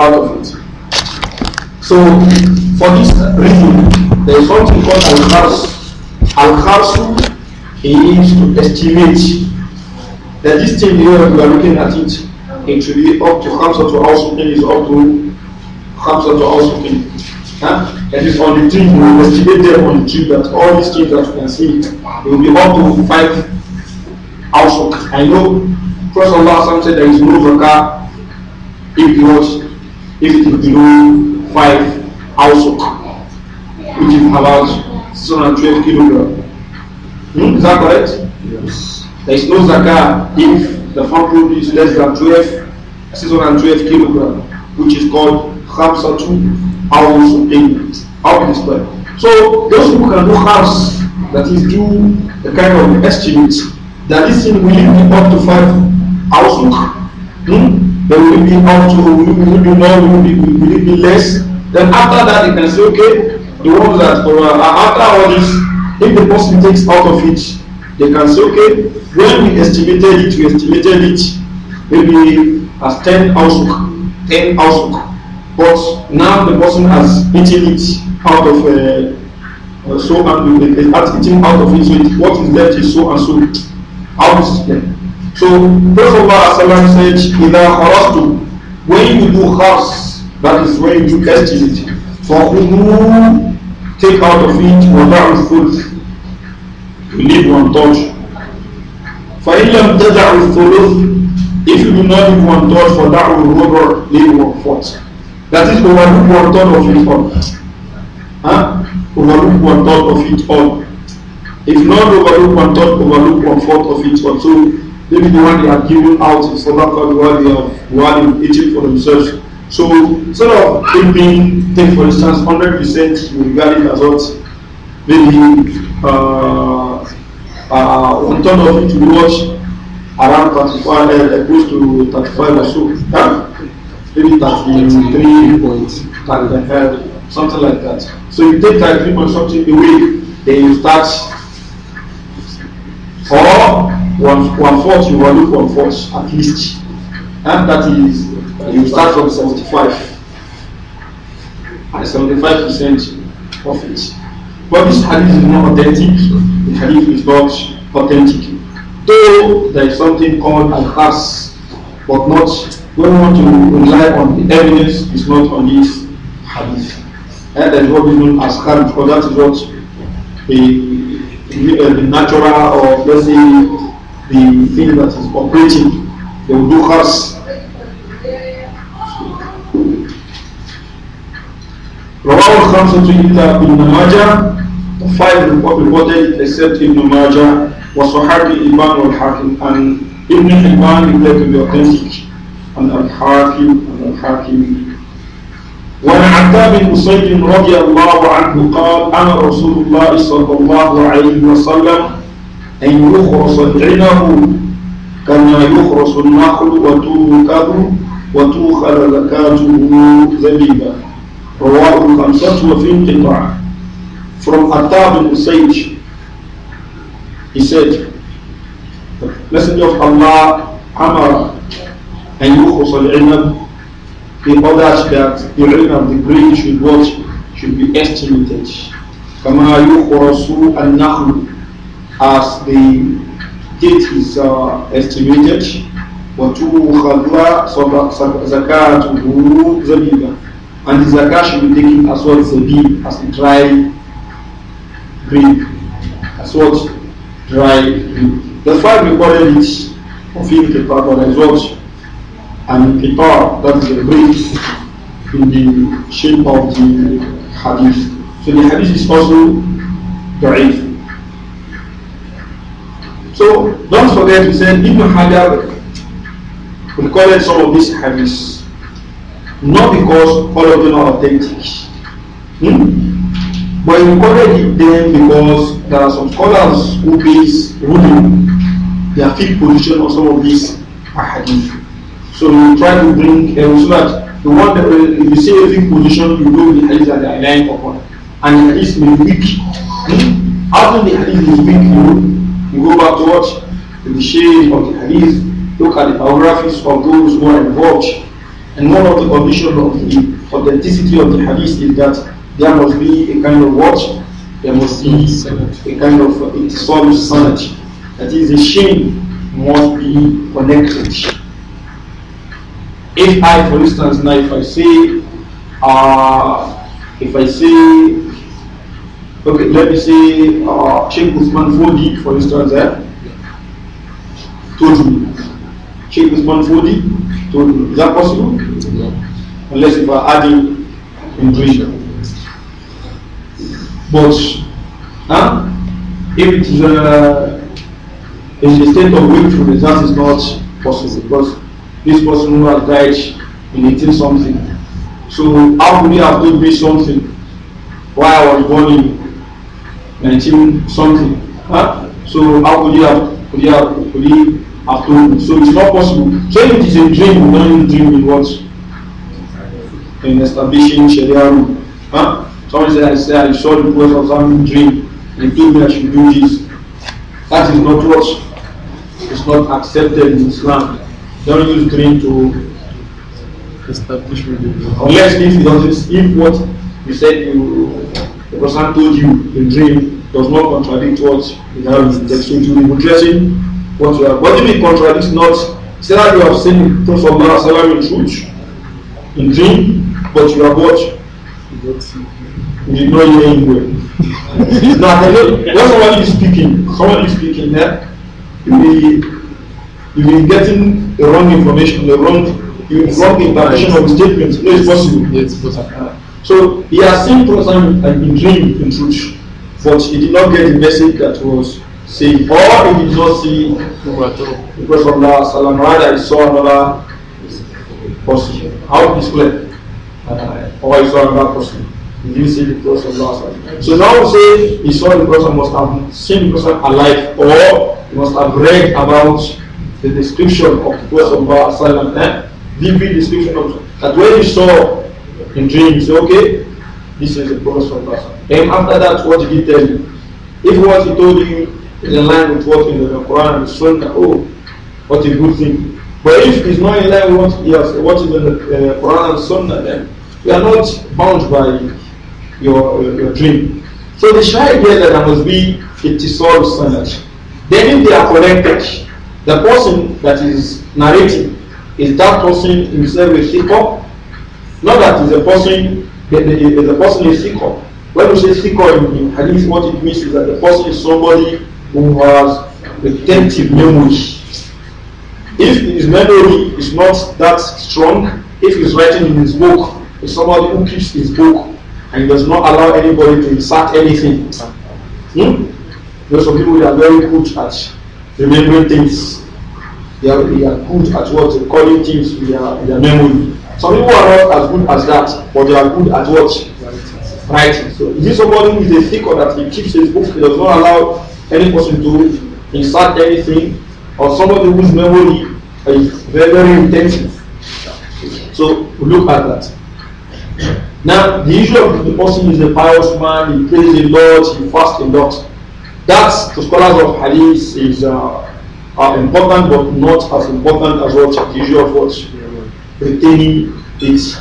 out of it. So for this reason, there is something called al-khars. Al-kharsu is to estimate that this thing here we are looking at it, it should be up to Hamsa to also is up to Hamsa to also thing. Huh? That is on the tree, we will estimate them on the tree that all these things that you can see, they will be up to five also. I know Prophet Allah said there is no zakah if you if it is below five household, which is about six 612 kilogram. Hmm? Is that correct? Yes. There is no zakah if the farm produce is less than twelve six 12, twelve kilogram, which is called khamsatu household. How is it So those who can do house, that is do the kind of estimate, that this thing will be up to five household. Hmm? They will be up to, will be more, will be, will be less. Then after that, you can say, okay, the ones that uh, after all this, if the person takes out of it, they can say, okay, when we estimated it, we estimated it maybe as 10 ausuk, 10 ausuk. But now the person has eaten it out of uh, uh, so and uh, uh eating out of it, so it, what is left is so and so. How is it So Prophet Muhammad said, Ida harastu, when you do hars, that is when you do estimate, for whom take out of it without food, you leave one touch. فإن لم تدع الثلث if you do not leave one touch, for that will over leave one fourth. That is overlook one third of it all. Huh? Overlook one third of it all. If not overlook one third, overlook one fourth of it all. So maybe the one they are giving out is for back the one they have one eating for themselves. So instead of it being take for instance hundred percent you regard it as what maybe uh, uh, one third of it will watch around thirty five uh, close to thirty five or so. Huh? Maybe thirty three point thirty uh, five something like that. So you take thirty three point something a week, then you start or one, one fourth, you value one fourth at least. And that is, you start from 75 and 75% of it. But this hadith is not authentic, the hadith is not authentic. Though there is something called al khas but not, don't want to rely on the evidence, it's not on this hadith. And eh, that is what is known as kharj, because that is what the, the natural or let's say the thing that is operating, they will do khars. رواه الخمسة إلا ابن ماجه the five reported except Ibn Majah وصحابي Ibn والحاكم and Ibn Hibban declared to be authentic and Al-Hakim and Al-Hakim وعن عتاب بن مسيد رضي الله عنه قال أنا رسول الله صلى الله عليه وسلم أي يخرص العنب كما يخرص النخل وتوكب وتوخل زكاة زبيبة رواه الخمسة وفي انقطاع from Attab بن Sayyid he said the messenger of Allah أمر أن يخرص العنب he orders that the عنب the grain should be estimated كما يخرص النخل as the date is uh, estimated. And the zakah should be taken as a bee, as a dry grape. As as dry grape. That's why we call it a kitab, that is what? And kitab, that is a grape in the shape of the hadith. So the hadith is also da'if. So don't forget, he said, Ibn Hajar recorded some of these hadiths, not because all of them are authentic, hmm? but he recorded them because there are some scholars who base ruling their fifth position on some of these hadiths. So we try to bring them so that the one that if you say a fifth position, you know the hadith that they are relying upon, and the hadith may be weak. Hmm? After the hadith is weak, you know, you go back to watch the shade of the hadith, look at the biographies of those who are involved. And one of the conditions of the authenticity of the hadith is that there must be a kind of what? There must be a kind of intisal sanity. That is, the chain must be connected. If I, for instance, now if I say, uh, if I say Okay, let me say uh, Sheikh Usman Fodi, for instance, eh? told me. Sheikh Usman Fodi told me. Is that possible? No. Unless you are adding intuition. But huh? if it is a, uh, state of wakefulness, that is not possible because this person who has died in eating something. So how could he have told me something? Why I was born in 19 something. Huh? So how could you have could you have could you have told So it's not possible. So if it is a dream, we don't dream in what? In establishing Sharia rule. Huh? Somebody said I said I saw the person of some dream and told me I should do this. That is not what is it's not accepted in Islam. Don't use dream to establish religion. Unless if it doesn't if what you said you the person told you in dream does not contradict what we have in the text. So it will be addressing what we have. What do you mean contradicts Not say that you have seen Prophet Muhammad in truth, in dream, but you have what? You did not hear him well. now, when somebody is speaking, somebody is speaking there, you will you be getting the wrong information, the wrong, you wrong interpretation of statements. No, it's possible. Yes, possible. So he has seen Prophet and been dreamed in truth but he did not get the message that was said, or he did not see the Prophet from Allah Salam, he saw another person. How is clear? Uh, or he saw another person. He didn't see the Prophet of Allah. So now we say he saw the person must have seen the person alive, or he must have read about the description of the Prophet of Allah, eh? vivid description of that when he saw in dreams, okay, this is the Prophet of Allah. Then after that, what did he tell you? If what he told you is in line with what in the Quran and the Sunnah, oh, what a good thing. But if it's not in line with what, yes, what is in the uh, Quran and Sunnah, then you are not bound by your, your, your dream. So the shy idea that there must be a tisol standard. Then if they are connected, the person that is narrating is that person himself a seeker? Not that is a person the, the, the person is seeker? When we say sikon in hadith, what it means is that the person is somebody who has retentive memory. If his memory is not that strong, if he's writing in his book, it's somebody who keeps his book and does not allow anybody to insert anything. Hmm? There are some people that are very good at remembering things. They are, they are good at what recording things with their, their memory. Some people are not as good as that, but they are good at what writing. So is this somebody who is a thinker that he keeps his book, he does not allow any person to insert anything, or somebody whose memory is very, very intensive. So look at that. Now, the issue of the person is a pious man, he prays a lot, he fasts a lot. That, to scholars of hadith, is uh, uh, important but not as important as what the issue of what retaining is.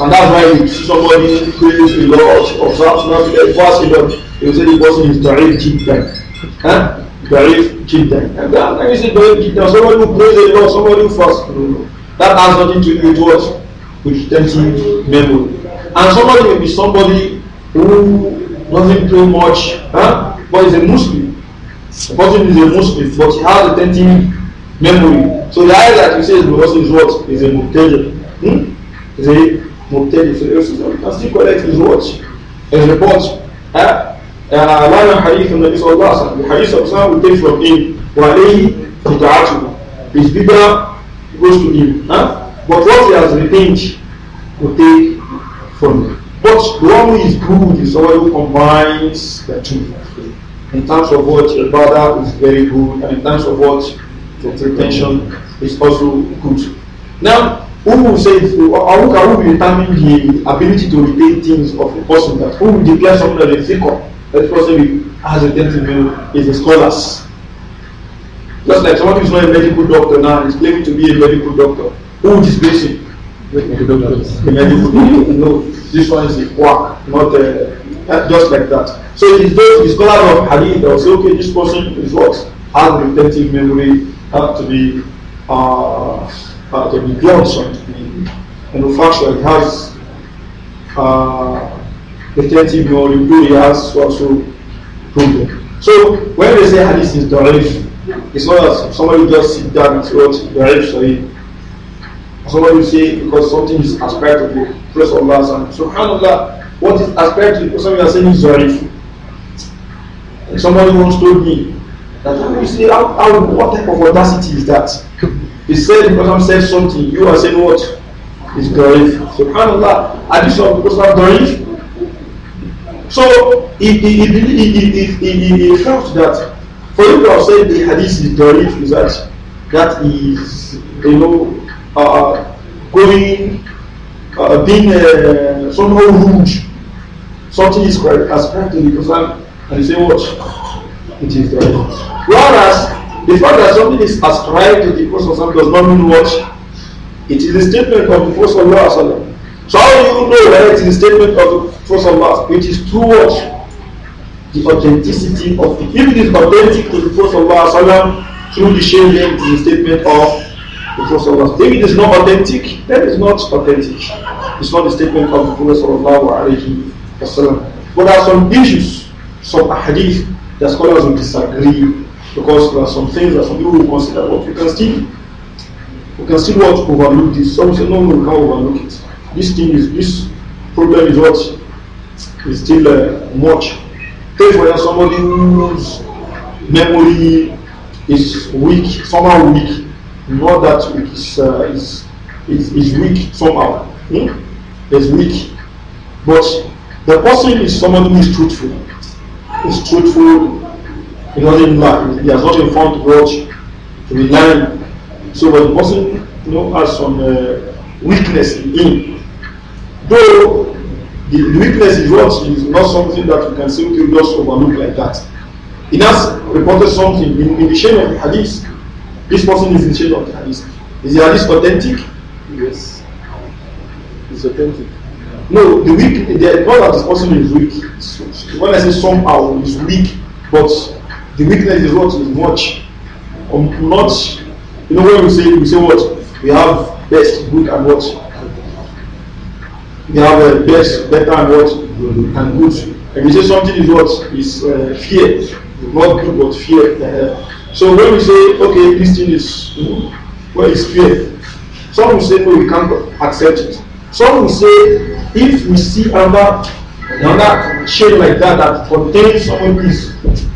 And that's why if somebody praise the Lord or perhaps not a fast a lot, they will say the person is Tarif Jiddan. Huh? Tarif Jiddan. And then when you say Tarif Jiddan, somebody who prays the Lord, somebody who fasts, no, no. That has nothing to do with what? With retentive memory. And somebody may be somebody who doesn't pray much, huh? but is a Muslim. The person is a Muslim, but he has a retentive memory. So the idea that you say the person is what? Is a Mubtadi. Hmm? Is a مبتدئ في الارث التصديق ولكن الوات الريبورت ها معنى حديث النبي صلى الله عليه وسلم الحديث of Islam will take from him وعليه بدعته his bid'ah goes to him huh? but what he has retained will take from him but the is good is someone who combines the two in terms of what brother is very good and in terms of what the pretension is also good now who will say? Uh, who will determine the ability to retain things of a person that who will declare someone as a thinker that person has a gentleman is a scholar. just like someone who's not a medical doctor now is claiming to be a medical doctor Who is basing? doctor the medical no this one is a quack not a uh, just like that so it is those the scholars of hadith that will say okay this person is what has retentive memory have to be uh, uh, the millions of the manufacturer has uh, the 30 million really has also problem. So when they say hadith ah, is da'if, it's not that somebody just sit down and say what oh, da'if Somebody Somebody say because something is aspect of the praise of Allah subhanallah, what is aspect of the person you are saying is da'if. Somebody once told me that you say how, how what type of audacity is that? He said the Prophet said something, you are saying what? It's Dorif. SubhanAllah, addition of Prophet Dorif. So he, he, he, he, felt that for you to have said the hadith is Dorif is that that is, you know, uh, going, uh, being uh, somehow rude. Something is ascribed because I'm and you say what? It is Dorif. Whereas The fact that something is ascribed to the Prophet does not mean much. It is a statement of the Prophet. So how do you know that it is a statement of the Prophet? It is true what? The authenticity of it. If it is authentic to the Prophet through the shame, then it is a statement of the Prophet. If it is not authentic, then it is not authentic. It is not a statement of the Prophet. But there are some issues, some hadith that scholars will disagree Of course, there are some things that some people will consider, but you can still you can still what overlook this. Some say, no, no, we can't overlook it. This thing is, this problem is what is still uh, much. Take for somebody whose memory is weak, somehow weak, not that it is, uh, is, is, is weak somehow. Hmm? Is weak. But the person is someone who is truthful. Is truthful, He not like, he has not informed God to be lying. So, but the person you know, has some uh, weakness in him. Though the, the weakness is what is not something that we can simply okay, just overlook like that. He has reported something in, in the chain of the hadith. This person is in the chain of the hadith. Is the hadith authentic? Yes. It's authentic. No, the weak, the, not that this person is weak. When I say somehow, is weak, but the weakness is what is much. Um, not, you know, when we say, we say what? We have best, good, and what? We have uh, best, better, and what? And good. And we say something is what? Is uh, fear. Not good, but fear. Uh, so when we say, okay, this thing is, what is fear? Some will say, no, we can't accept it. Some will say, if we see another, another shade like that that contains of these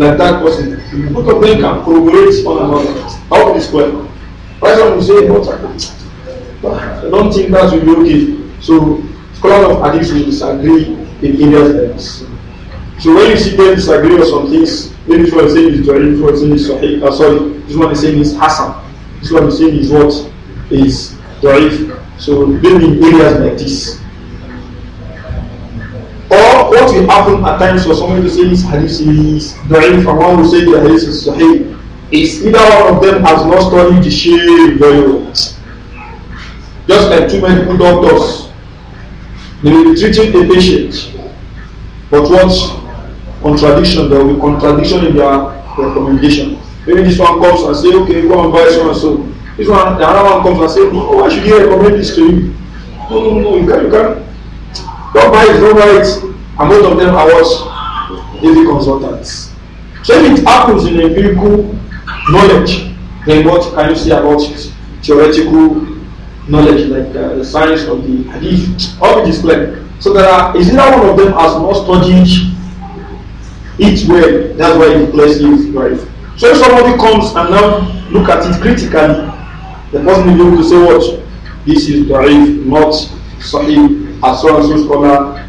like that person. Both of them can corroborate one another. I hope this well. Person will say, no, I don't think that will be okay. So, scholars of hadith disagree in areas So, when you see them disagree on some things, maybe this one is saying is Jari, this one is saying is uh, sorry, this one is saying is Hassan, this one is saying is what? Is Jari. So, maybe in areas like this what will happen at times for somebody to say this hadith is da'if from one will say the hadith is sahih is either one of them has not studied the shade very well. Just like two medical doctors, they will be treating a patient, but what contradiction? There will be contradiction in their recommendation. Maybe this one comes and say, okay, go and buy so and so. This one, the other one comes and say, no, oh, why should you recommend this to you? No, no, no, you can't, you can't. Don't buy it, don't buy it. And most of them are what? Daily consultants. So if it happens in empirical knowledge, then what can you say about it? theoretical knowledge like uh, the science of the hadith? All it is clear. So there are, is either one of them has not studied it well. That's why the place is right. So if somebody comes and now look at it critically, the person will be able to say what? This is da'if, not sahih, as so and so scholar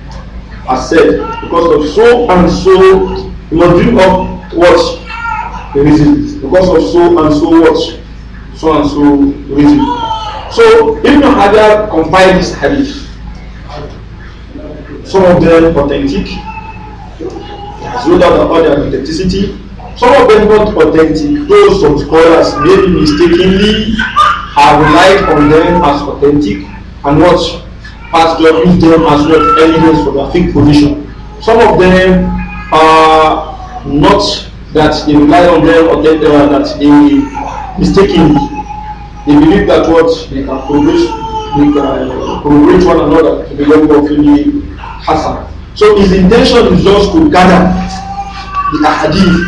has said because of so and so you must drink up what the reason because of so and so what so and so reason so Ibn Hajar compiled this hadith some of them authentic as well as about their authenticity some of them not authentic though some scholars maybe mistakenly have relied on them as authentic and what pass job use them as well evidence for their fake position. Some of them are uh, not that they rely on them or they uh, that they mistaken. they believe that what they can produce they can corroborate one another to the level of any hazard. So his intention is just to gather the hadith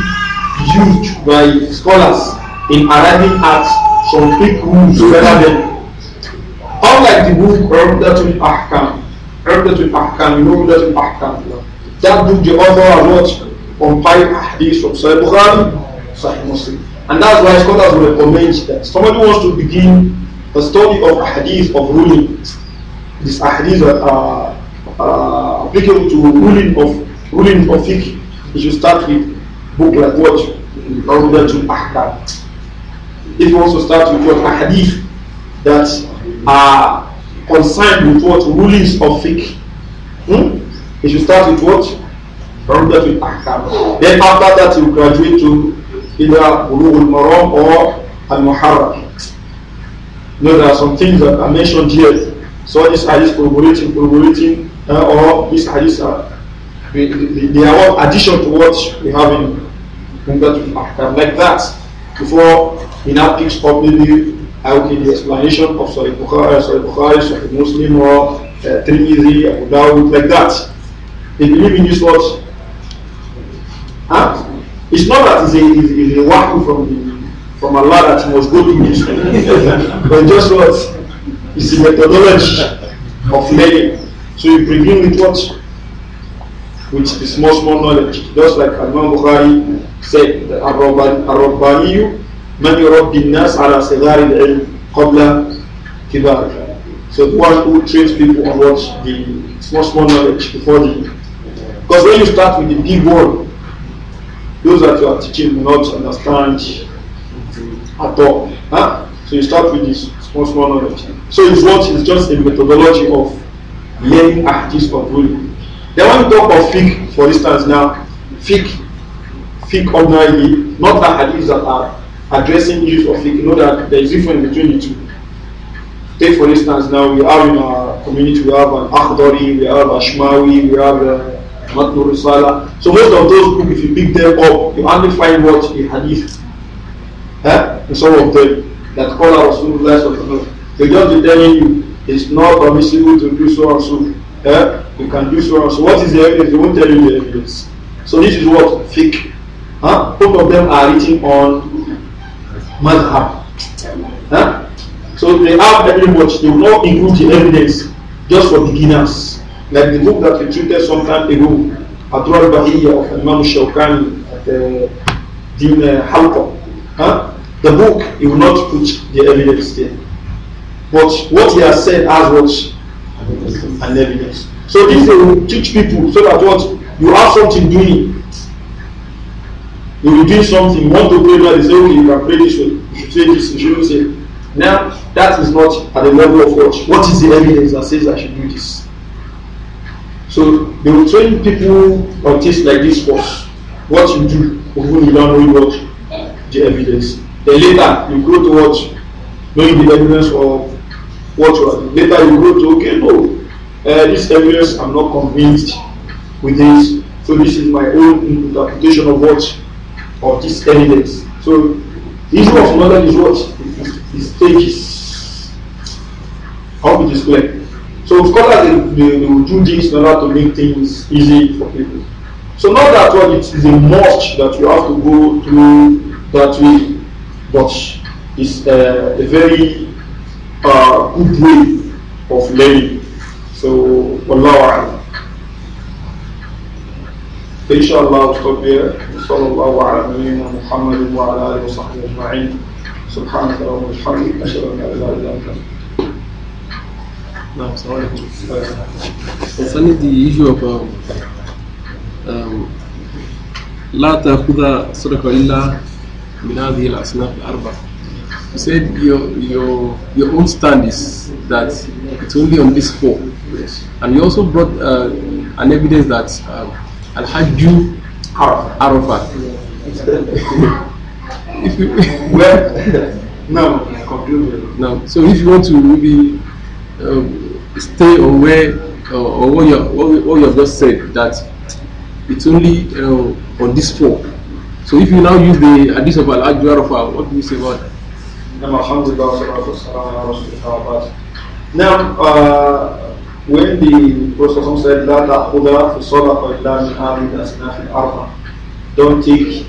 used by scholars in arriving at some quick rules rather than Unlike the book al Ahkam, al Ahkam, you know Umdatul Ahkam. That book the author has what? Compiled hadith from Sahih Bukhari, Sahih Muslim. And that's why scholars recommend that somebody wants to begin a study of hadith of ruling. This ahadiths are uh, uh, applicable to ruling of ruling of fiqh. You should start with book like what? al Ahkam. If you want to start with what? hadith that are concerned with what rulings of fiqh. Hmm? You should start with what? Ahkam. Then after that, you graduate to either Bulughul Maram or Al Muharram. You know, there are some things that are mentioned here. So this hadith corroborating, corroborating, uh, or this hadith, uh, they, are all addition to what we have in Umdatul Ahkam. Like that, before he now picks up maybe how the explanation of Sahih Bukhari, uh, Sahih, Bukhari, Sahih Muslim, or uh, or Abu Dawud, like that. They believe in this what? Huh? It's not that it's a, it's, it's a wahoo from, from Allah that must go to this, but just what? It's the methodology of learning. So you begin with what? which is small, small knowledge. Just like Imam Bukhari said, Ar-Rabbaniyu من يربي الناس على صغار العلم قبل كبارها so the one who trains people on what the small small knowledge before the because when you start with the big one those that you are teaching will not understand at all huh? so you start with this small small knowledge so it's what is just a methodology of learning activities of ruling then when you talk of fiqh for instance now fiqh fiqh ordinarily not the hadiths that are addressing issues of leak, you know that there is difference between the two. Take for instance, now we are in a community, we have an Akhdari, we have a Shmawi, we have uh, a Matnur Risala. So most of those groups, if you pick them up, you only find what a hadith. so eh, And some of them that call out Rasulullah. They just telling you it's not permissible to do so and so. Eh? You can do so and so. What is the evidence? They won't tell you the evidence. So this is what fake. Huh? Both of them are written on have, Huh? So they have very much, they will not include the evidence just for beginners. Like the book that we treated some time ago, Adrar of Imam Shawkani at the uh, Din uh, Halqa. Huh? The book, he will not put the evidence there. But what he has said has what? An evidence. So this will teach people so that what? You have something doing you do something, you want to pray that, they say, okay, oh, you can pray this way, you say this, you should say. Now, that is not at the level of what? What is the evidence that says I should do this? So they will train people on things like this first. What you do, even you don't know what the evidence. Then later you go to what knowing the evidence of what you are doing. Later you go to okay, no, uh, this evidence I'm not convinced with this. So this is my own interpretation of what of this evidence. So the issue of knowledge is what? Is stages. How it is clear. So scholars they, they, they will do this in order to make things easy for people. So not that what it is a must that you have to go through that way, but it's a, uh, a very uh, good way of learning. So Allah inshallah we stop here sallallahu ala nabiyyina muhammadin wa ala alihi wa sahbihi سبحانك اللهم وبحمدك اشهد ان لا اله الا انت نعم السلام عليكم concerning the issue of لا تأخذ صدقة إلا من هذه الأصناف الأربعة You said your, your, your own stand is that it's only on this four. Yes. And you also brought uh, an evidence that um, Al Hajju Arafah. if you well no no so if you want to maybe um, stay away uh, or what you what, you have just said that it's only uh, on this four so if you now use the hadith of al ajwarfa what do you say about now uh, when the Prophet said, La ta'khudha fi sadaqa illa min amid asnaf al Don't take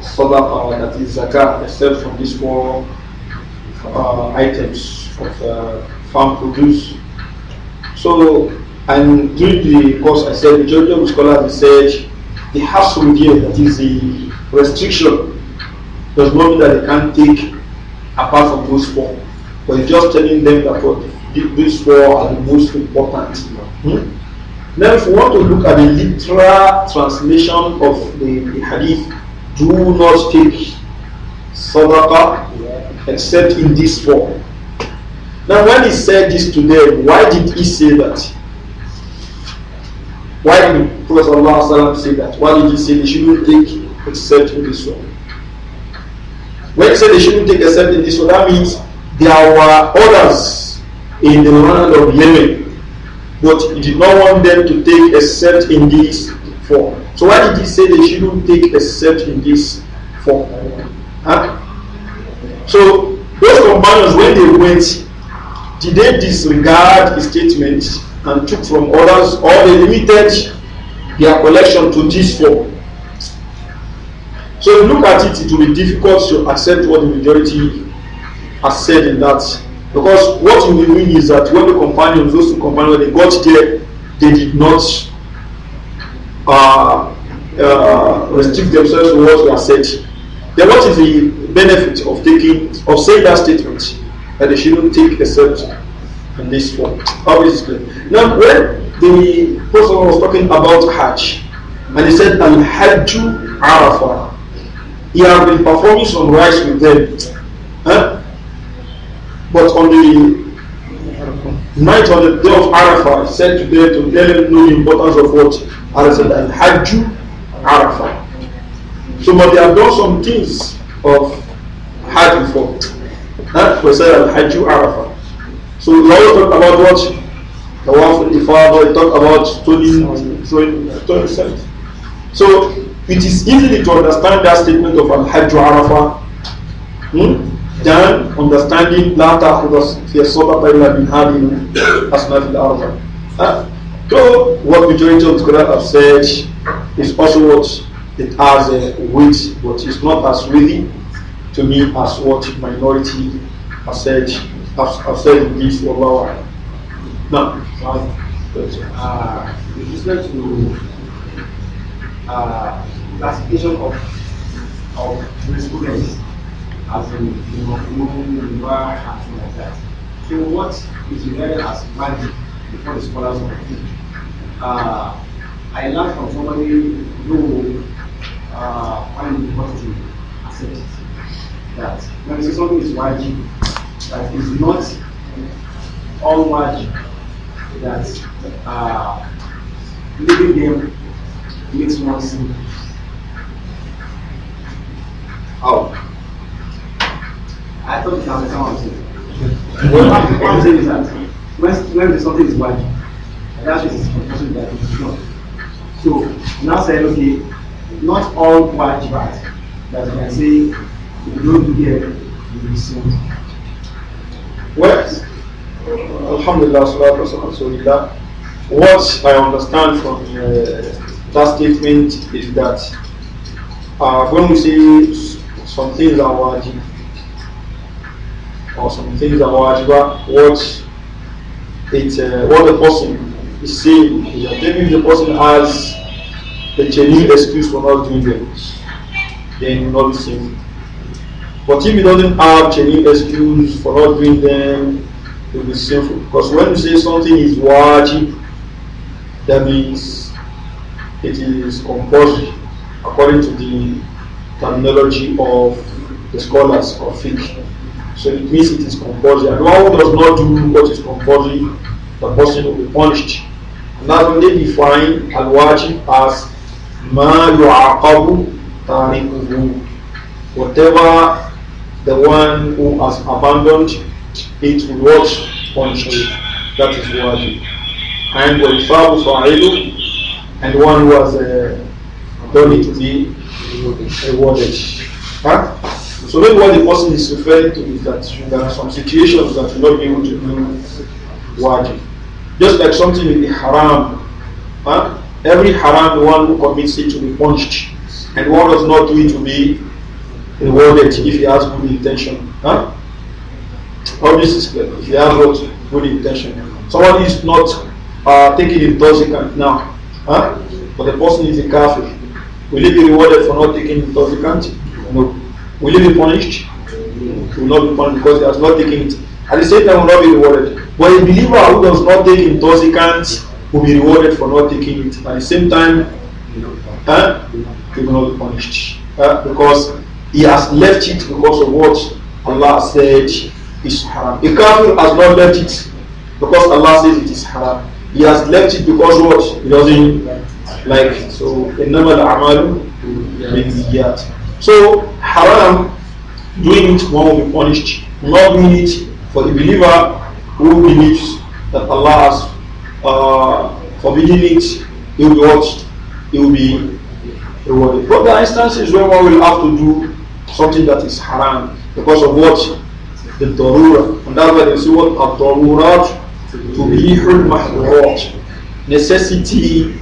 sadaqa, or that is zakah except from these four uh, items of uh, farm produce. So, and during the course I said, majority of scholars said, the hassle here, that is the restriction, does not mean that they can't take apart from those four. But it's just telling them that what these four are the most important. Hmm? Now, if we want to look at the literal translation of the, the hadith, do not take sadaqah except in this form. Now, when he said this to them, why did he say that? Why did Prophet Allah say that? Why did he say they shouldn't take except in this form? When he said they shouldn't take except in this form, that means there were others in the land of Yemen. But he did not want them to take except in this form. So why did he say they shouldn't take except in this form? Huh? So those companions, when they went, did they disregard his statement and took from others, or they limited their collection to this form? So if you look at it, it will be difficult to accept what the majority has said in that because what you will mean is that when the companions, those two companions, when they got there, they did not uh, uh, restrict themselves to what was said. Then what is the benefit of taking of saying that statement that they shouldn't take except in this form? How is it clear? Now when the person was talking about Hajj and he said Al Hajju Arafah, he had been performing some rites with them. Huh? But on the night of the day of Arafah, he said today to tell them know the importance of what? Allah said, Al Hajju Arafah. So, but they have done some things of Hajj before. that. We said Al Hajju Arafah. So, we always talk about what? The one the father, we talk about stoning, throwing, throwing So, it is easy to understand that statement of Al Hajju Arafah. Hmm? than understanding لا تأخذ في الصحبة إلا من هذه أصناف الأربعة. So what majority of scholars have said is also what it has a weight, but it's not as weighty to me as what minority has said. Have, have said in this Allah. No. Uh, with respect to ah, classification of of jurisprudence as in and like that. So what is regarded as magic before the scholars of the uh, I learned from somebody who uh, when what is accept it. That when you say something is magic, that is not all magic that uh, leaving them makes one sin. I thought it was something. What I'm saying is that when, when something is white, that is compulsory that it is not. So now say, okay, not all white wajibat that you can say you don't do here, you will sin. Well, Alhamdulillah, salatu wasalam, What I understand from uh, that statement is that uh, when we say some things are wajib, or some things about what it uh, what the person is saying is that maybe the person has a genuine excuse for not doing them, then you not same. But if he doesn't have genuine excuse for not doing them, it will be sinful. Because when you say something is wajib, that means it is compulsory according to the terminology of the scholars of fiqh. So it means it is compulsory. And one who does not do what is compulsory, the person will be punished. And that's when they define al wajib as ma yu'aqabu tarikuhu. Whatever the one who has abandoned it will watch punished. That is wajib. And wa'ifabu fa'ilu, and one who has uh, done it will be rewarded. Huh? So maybe what the person is referring to is that there are some situations that you're not be able to do wajib. Just like something in the haram. Huh? Every haram, the one who commits it to be punished. And one does not do it to be rewarded if he has good intention. Huh? All this is clear. If he has good, good intention. Someone is not uh, taking his toxicant now. Huh? But the person is a kafir. Will he be rewarded for not taking intoxicant? No. Will he be punished? He will not be punished because he has not taken it. At the same time, will not be rewarded. But a believer who does not take intoxicants will be rewarded for not taking it. At the same time, huh, he will not be punished uh, because he has left it because of what Allah said is haram. A kafir has not left it because Allah says it is haram. He has left it because what? He doesn't like it. So, إِنَّمَا الْأَعْمَالُ بِالنِّيَّاتِ so haram, doing it, one will be punished. Not doing it for the believer who believes that Allah has uh, forbidden it, he will be what? It will be rewarded. But there are instances where one will have to do something that is haram because of what? The darura. And that's why they say what? Ad-darurat tubihul mahdurat. Necessity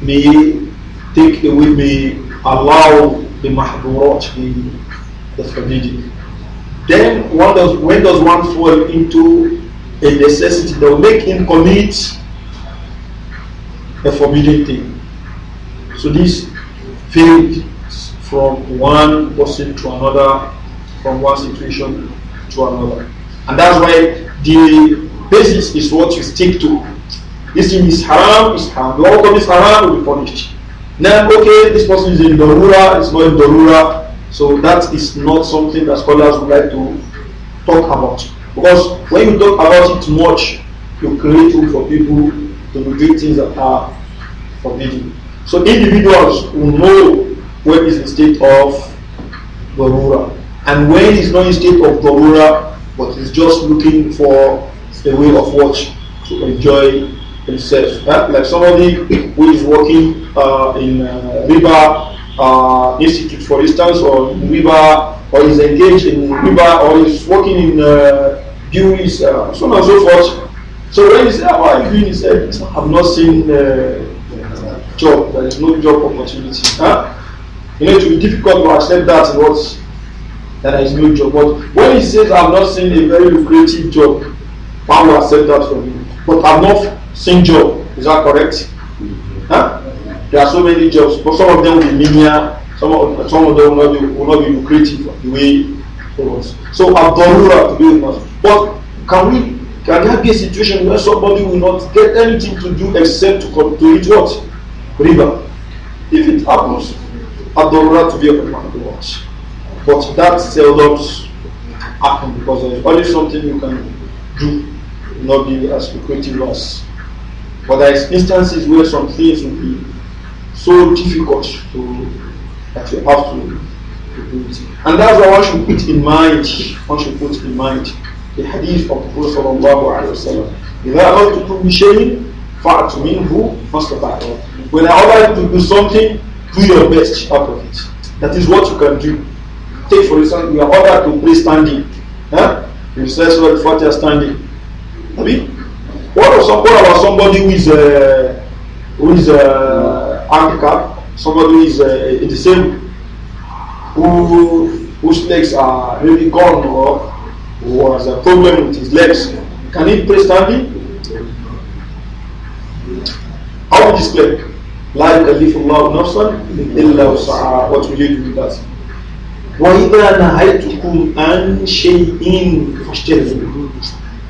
may take away, may allow the mahdurat, the, the forbidden. Then does, when does one fall into a necessity that will make him commit a forbidden thing? So this failed from one person to another, from one situation to another. And that's why the basis is what you stick to. This thing is haram, is haram. The outcome is haram will be punished. Now, okay, this person is in Darura, it's not in Darura. So that is not something that scholars would like to talk about. Because when you talk about it much, you create room for people to do things that are forbidden. So individuals will know where is the state of Darura. And it's not in state of Darura, but is just looking for a way of what to enjoy himself. Right? Like somebody who is working uh, in uh, river uh, institute, for instance, or river, or is engaged in river, or is working in uh, uh, so on and so forth. So when he say, "How are you doing?" He said, "I've not seen uh, job. There is no job opportunity." Huh? You know, it will be difficult to accept that. What? That there is no job. But when he says, "I've not seen a very lucrative job," I will accept that from him. But i am not Saint Job, is that correct? Huh? There are so many jobs, but some of them will be linear, some of, some of them will not be, will not be lucrative the way for us. So Abdullah to be with But can we can there be a situation where somebody will not get anything to do except to come to eat what? River. If it happens, Abdullah to be a us. But that seldom happens because there is always something you can do, not be as lucrative as but there is instances where some things will be so difficult to that you have to, to do it. And that's why one should put in mind, one should put in mind the hadith of the Prophet sallallahu alayhi wa sallam. إذا أردتكم بشيء فأتوا منه فاستطعتم. When I order you to do something, do your best out of it. That is what you can do. Take for example, you are ordered to pray standing. Huh? You say Surah Al-Fatiha standing. I What of, some, what about somebody who is uh, who is uh, handicapped, somebody who is uh, disabled, who whose legs are really gone or who has a problem with his legs? Can he pray standing? How would this play? Like a leaf of love, nafsan, illa sa'a. What would you do with that? وَإِذَا نَهَيْتُكُمْ عَنْ شَيْءٍ فَاشْتَنِبُوهُ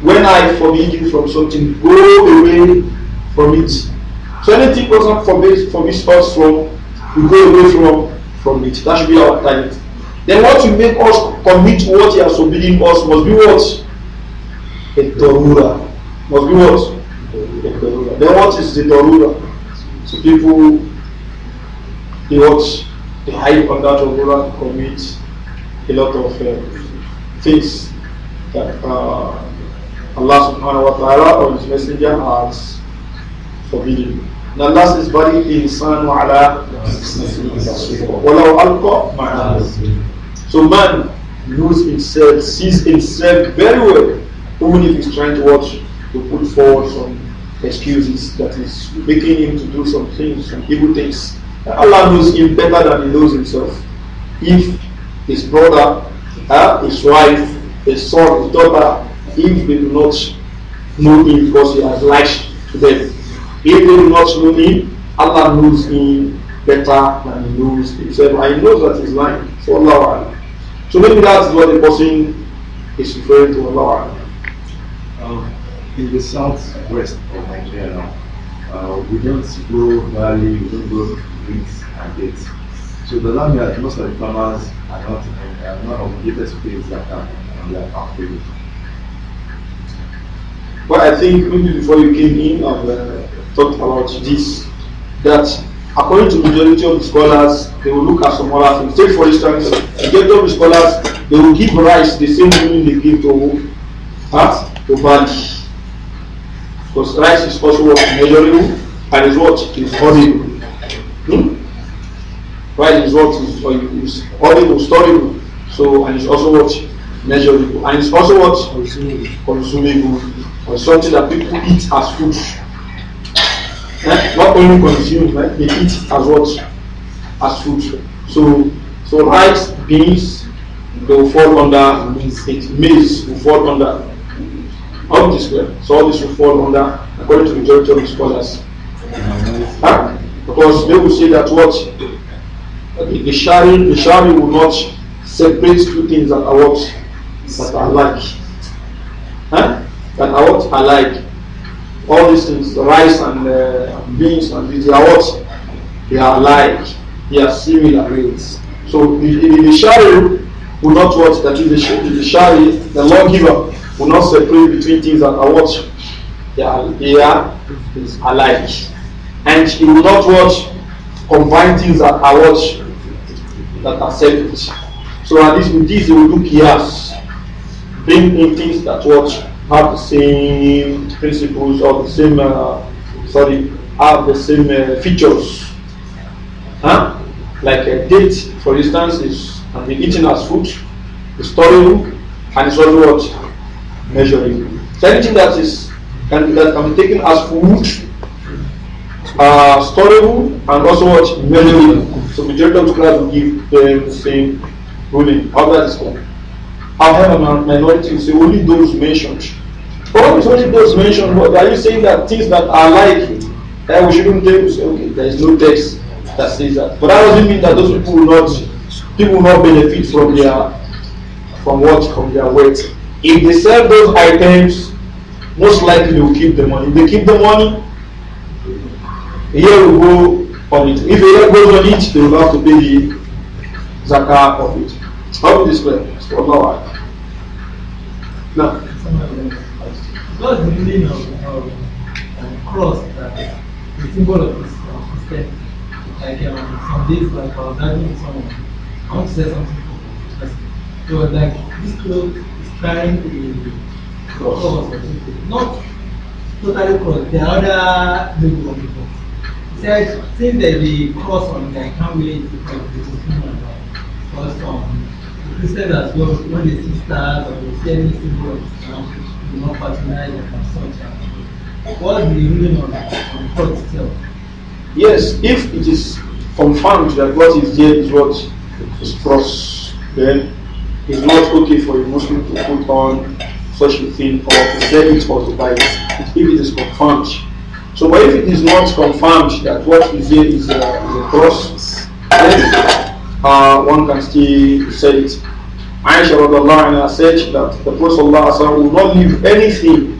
when I forbid you from something, go away from it. So anything God forbid forbids us from, we go away from, from it. That should be our target. Then what will make us commit what He has forbidden us must be what? A Torura. Must be what? A Torura. Then what is the Torura? So people, they watch, they hype on that Torura commit a lot of uh, things that uh, Allah subhanahu wa ta'ala or His Messenger has forbidden. And Allah says, Bari insanu ala walau alqa ma'ana. So man knows himself, sees himself very well, even if he's trying to watch, to put forward some excuses that is making him to do some things, some evil things. Allah knows him better than he knows himself. If his brother, uh, his wife, his son, his daughter, if they do not know him because he has lied to them. If they do not know him, Allah knows him better than he knows himself. And he knows that he's lying. So Allah. So maybe that's what the person is referring to Allah. Um, in the southwest of Nigeria, uh, we don't grow barley, we don't grow wheat and dates. So the land that most of the farmers are not, are not obligated to pay zakat on their farm but I think maybe before you came in and uh, talked about this, that according to majority of the scholars, they will look at some other things. Take for instance, majority of the scholars, they will give rice the same meaning they give to huh, to barley. Because rice is also what measurable and is what is horrible. Hmm? Rice is what is, uh, horrible, storable. So and it's also what measurable and it's also what consumable. consumable. On something that people eat as food. Eh? Not only consume, right? Eh? they eat as what? As food. So, so rice, beans, they will fall under maize. Maize will fall under all this way. Eh? So all this will fall under, according to majority of the scholars. Because they will say that what okay, the shari the shari will not separate two things that are what that are like. Huh? that are what are like all these things, rice and uh, beans and these, are what? They are like. They are similar things. So the, the, the shari will not what? That is the, the shari, the lawgiver, will not separate between things that are what? They are, they are alike. And he will not watch Combine things that are what? That are separate. So at least with this, they will do chaos. Bring in things that watch have the same principles or the same, uh, sorry, have the same uh, features. Huh? Like a date, for instance, is can be eaten as food, the storable, and it's also what? Measuring. So anything that is can, that can be taken as food, uh, storable, and also what? Measuring. So majority of scholars will give them the same ruling. How that is called? I'll have a minority say only those mentioned. Oh, only those mentioned. But are you saying that things that are like that we shouldn't take? Say, okay, there is no text that says that. But that doesn't mean that those people will not people will not benefit from their from what from their wealth. If they sell those items, most likely they will keep the money. If they keep the money, a year will go on it. If a year goes on it, they will have to pay the zakah of it. How will this clear? It's no. God really how cross that the symbol of this uh, step. Like um, some days, like I was not someone, I want to say something for you. person. like, this cloak is carrying to cross or something. Not totally cross, the other label of the cross. He said, since there's a cross on there, I can't really the cross on Christian as well, when they see or um, do not patronize What is the meaning of the itself? Yes, if it is confirmed that what is there is what is cross, then it's not okay for a Muslim to put on such a thing or to sell it or to buy it if it is confirmed. So, but if it is not confirmed that what is there is a, uh, is a cross, then uh, one can still say it. Aisha anha said that the Prophet will not leave anything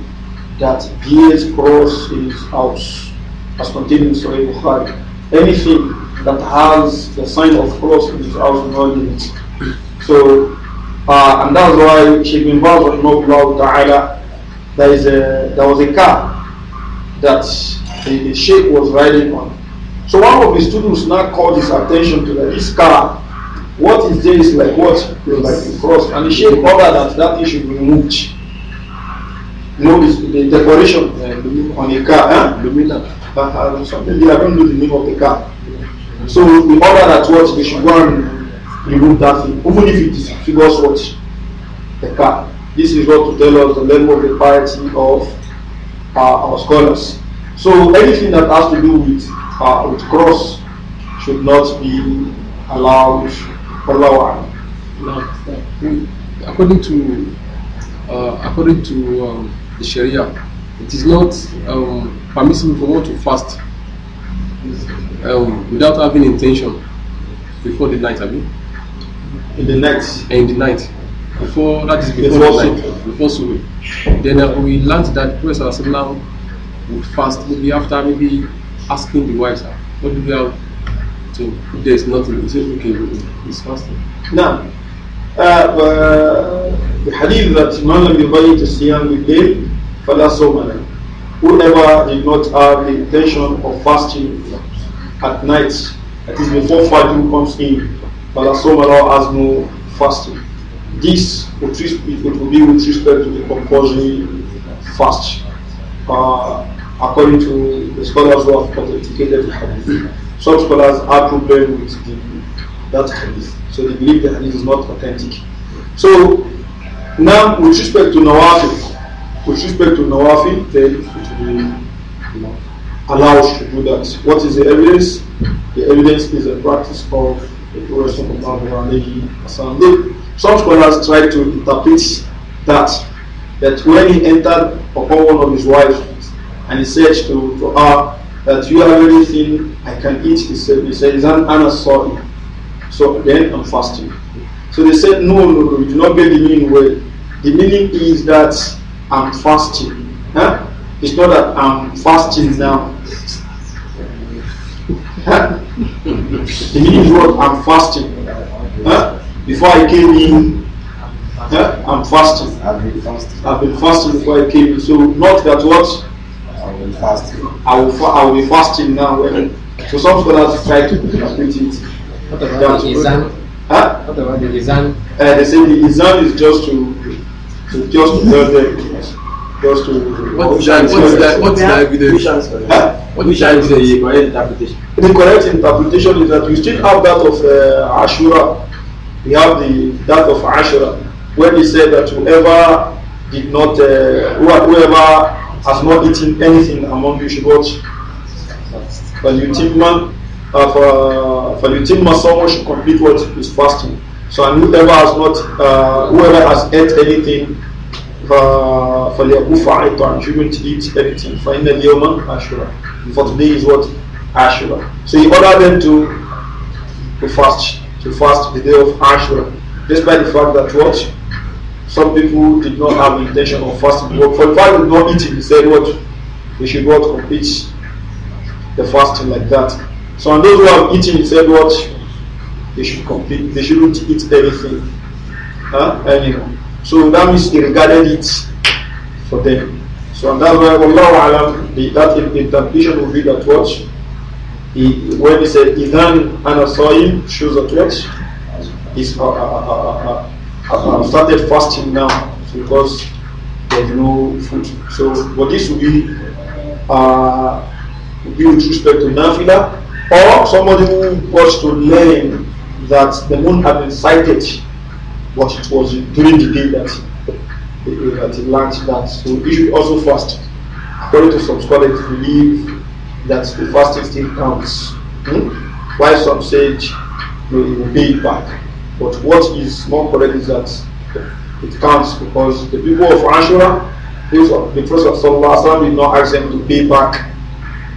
that bears cross in his house, as contained in Sahih Bukhari. Anything that has the sign of cross in his house will not leave it. So, uh, and that's why Sheikh bin Baz ta'ala, there, is a, there was a car that the, the Sheikh was riding on so one of the students now called his attention to that this car, what is there is like what? It's like a cross. And the Sheikh ordered that that issue be removed. You know, the decoration uh, on the car, eh? Lumina. Uh, something, I don't know the name of the car. So the order that what they should go and remove that thing, even if it is disfigures what the car. This is what to tell us the level of the piety of uh, our scholars. So anything that has to do with uh, with cross should not be allowed for law. According to uh, according to um, the Sharia, it is not um, permissible for one to fast um, without having intention before the night. I mean, in the night. Eh, in the night. Before that is before, the night. Before Subi. Then uh, we learned that Prophet would fast maybe after maybe asking the wives, what do we have to, if there's nothing, he says, okay, it's fasting. Now, uh, uh, the hadith that man the yubayit siyam bil-layl fala sawma Whoever did not have the intention of fasting at night, that is before Fajr comes in, fala sawma has no fasting. This would, it would be with respect to the compulsory fast, uh, according to the scholars who have authenticated the hadith. Some scholars are problem with the, that hadith. So they believe the hadith is not authentic. So now with respect to Nawafi, with respect to Nawafi, they allow will be to do that. What is the evidence? The evidence is a practice of the Prophet some scholars try to interpret that that when he entered upon one of his wives and he said to, to her that you have anything I can eat. He said, he said, is an sorry? So then I'm fasting. So they said, no, no, no, you do not get the meaning well. The meaning is that I'm fasting. Huh? It's not that I'm fasting now. the meaning is what I'm fasting. Huh? Before I came in, huh? I'm fasting. I've been fasting before I came in. So not that what I will be fasting. I will, I will be fasting now. When, so some scholars try to interpret it. What about the Izan? Huh? What about the Izan? Uh, they say the Izan is just to, to just to tell them. Just to what is that? What is that? What is that evidence? Huh? What is that the correct interpretation? The correct interpretation is that we still have that of uh, Ashura. We have the that of Ashura, when he said that whoever did not, uh, whoever has not eaten anything among you should watch. فَلْيُتِمَّ someone should complete what is fasting. So and whoever has not, uh, whoever has ate anything, فَلْيَكُفَ عَيْطًا He should to eat anything. فَإِنَّ الْيَوْمَ Ashura. For today is what? Ashura. So he ordered them to, to fast, to fast the day of Ashura. Despite the fact that what? Some people did not have intention of fasting. But for the fact not eat he said what? They should not complete the fasting like that. So on those who are eating, he said what? They should complete. They shouldn't eat anything. Huh? Anyhow. So that means he regarded it for them. So and that's why Allah Alam, the, that interpretation will be that what? He, when he said Idan Anasoim shows that what? Is uh, uh, uh, uh, uh I've started fasting now because there's no food. So, but this will be, uh, will be with respect to Nafila or somebody who wants to learn that the moon had been sighted, but it was during the day that that it launched that. So he should also fast. According to some scholars, believe that the fasting still counts. Hmm? Why some say it will be back. But what is more correct is that it counts because the people of Ashura, the Prophet Sallallahu did not ask them to pay back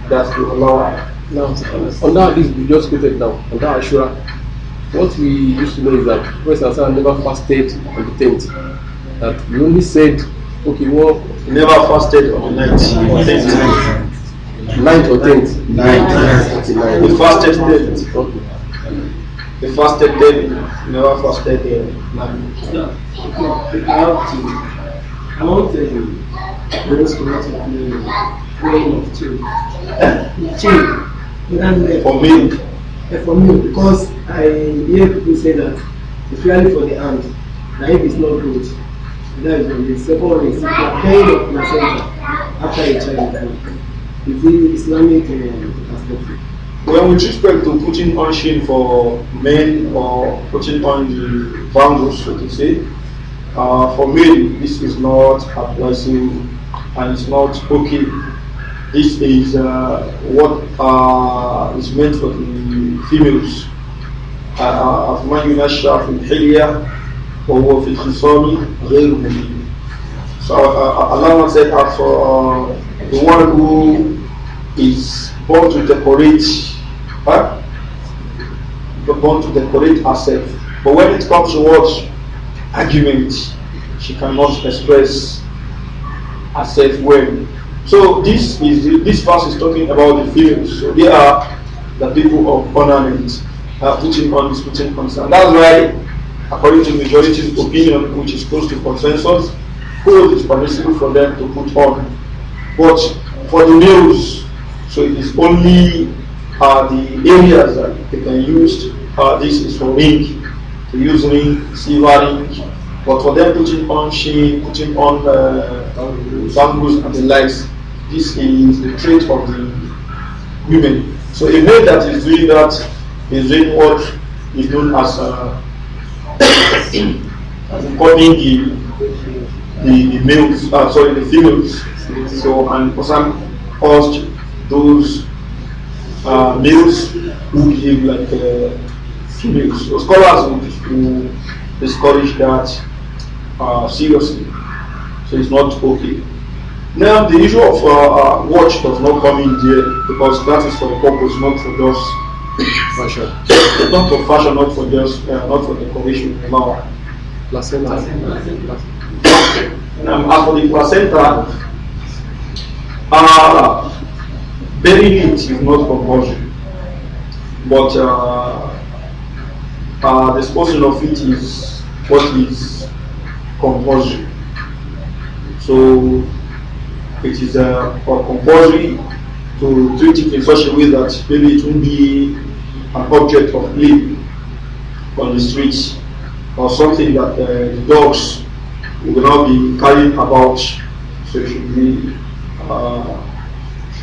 that to Allah. Now, on that we just quoted now, on Ashura, what we used to know is that Prophet Sallallahu never fasted on the 10th. That we only said, okay, well. He never fasted on the 9th. 9th or 10th? 9th. He fasted 10th. The fasted daily, never fasted the man. No, I have to. I want to do those who want to do praying of two. Two. And, for me? Uh, for me, because I hear people say that it's really for the hand. That if it's not good, that is the second one is the pain of placenta after a child is the Islamic uh, perspective. When with respect to putting on sheen for men or putting on the bundles, so to say, uh, for men this is not a blessing and it's not okay. This is uh, what uh, is meant for the females. أفمن ينشأ في from Helia, في الخصام غير مبين. So uh, uh, Allah uh, said, for the one who is born to decorate Huh? are born to decorate herself. But when it comes to what? Arguments. She cannot express herself well. So this is this verse is talking about the fields. So they are the people of ornament, uh, putting on this putting concern. That's why, according to majority's opinion, which is close to consensus, gold is permissible for them to put on. But for the males, so it is only are the areas that they can use. Uh, this is for ring, to use silver But for them putting on she putting on uh, bamboos and the likes, this is the trait of the women. So a man that is doing that is doing what is known as uh, as according the the, the males, uh, sorry, the females. So and some, caused those uh, males who behave like uh, females. So scholars will, discourage that uh, seriously. So it's not okay. Now the issue of uh, uh, watch does not come in there because that is for the purpose, not for just fashion. not for fashion, not for just, uh, not for decoration. Now, Placenta. Placenta. Placenta. Um, as for the placenta, uh, very neat, if not compulsory, but uh, uh, disposing of it is what is compulsory. So it is uh, compulsory to treat it in such a way that maybe it won't be an object of play on the streets or something that uh, the dogs will not be carrying about. So it should be uh,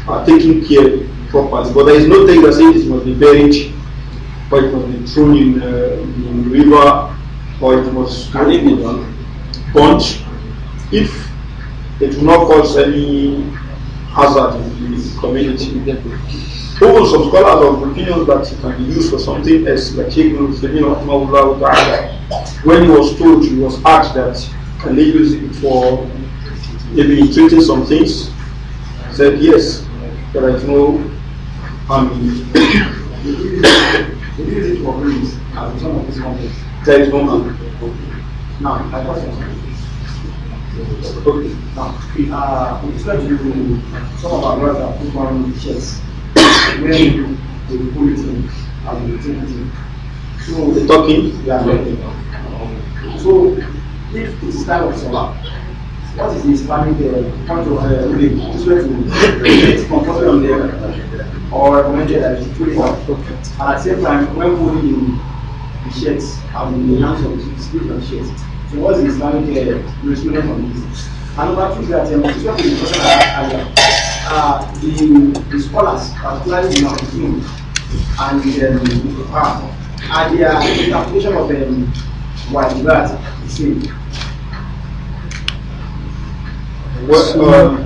uh, taking care properly. But there is no thing that says it must be buried, or it must be thrown in, uh, in river, or it must be done? Burnt if it will not cause any hazard in the community. Even some scholars of opinion that it can be used for something else, like Ibn Uthaymeen when he was told, he was asked that can they use it for maybe treating some things? He said yes, there is no family. It is for grace as some of these contexts. There is no man. Now, my question is. Okay. Now, we, uh, we some of our brothers put one in the chest. When you, they pull it in, and the take it in. So, the talking? Yeah, yeah. So, if it's time of solar, What is uh, uh, the Islamic uh, country uh, ruling? Is on there, or recommended that it's truly appropriate? And at the same time, when voting in the shirts and in the hands of the spirit of shirts, so what's the Islamic uh, jurisprudence on this? Another thing that um, is what is Uh, the, the scholars, particularly in our team, and um, the Quran, and their uh, interpretation of um, what is the same. What, um,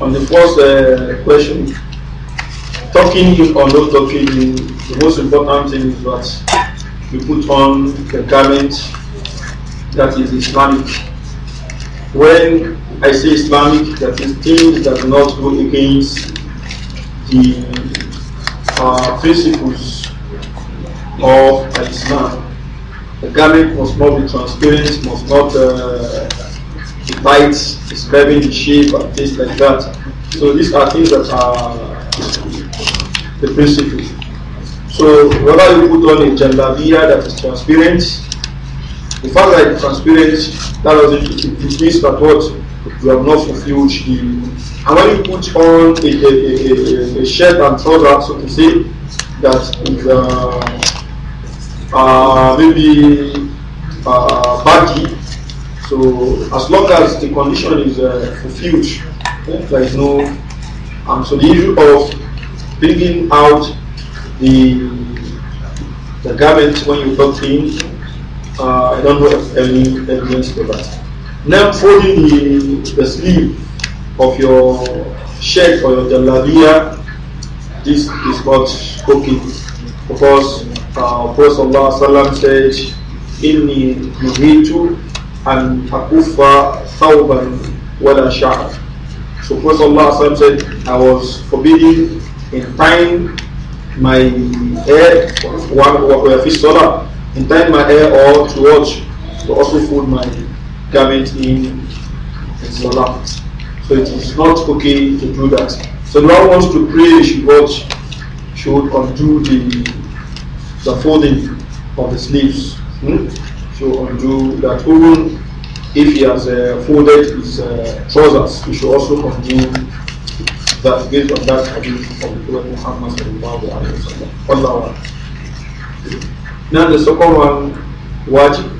on the first uh, question, talking or not talking, the most important thing is that you put on the garment that is Islamic. When I say Islamic, that is things that do not go against the uh, principles of Islam. The garment must not be transparent, must not uh, bites, describing the shape and things like that. So these are things that are the principles. So whether you put on a jalabiya that is transparent, the fact that it's transparent, that doesn't it means that what you have not fulfilled the and when you put on a, a, a, a shirt and trousers so to say that is uh, uh, maybe uh, baggy so as long as the condition is uh, fulfilled, okay, eh, there is no. Um, so the issue of bringing out the the garment when you got in, uh, I don't know if any evidence for that. Now folding the, the sleeve of your shirt or your jalabiya, this is not okay because uh, Says said, the yuhitu أن تكف ثوبا ولا شعر so Prophet Allah said, I was forbidden in time my hair, in time my hair or to watch, to also fold my garment in, in Salah. So it is not okay to do that. So now, one wants to pray, She watch, should undo the, the folding of the sleeves. Hmm? should undo that even if he has uh, folded his uh, trousers, he should also undo that based on that hadith of the Prophet Muhammad sallallahu alayhi wa sallam. Now the second one, wajib.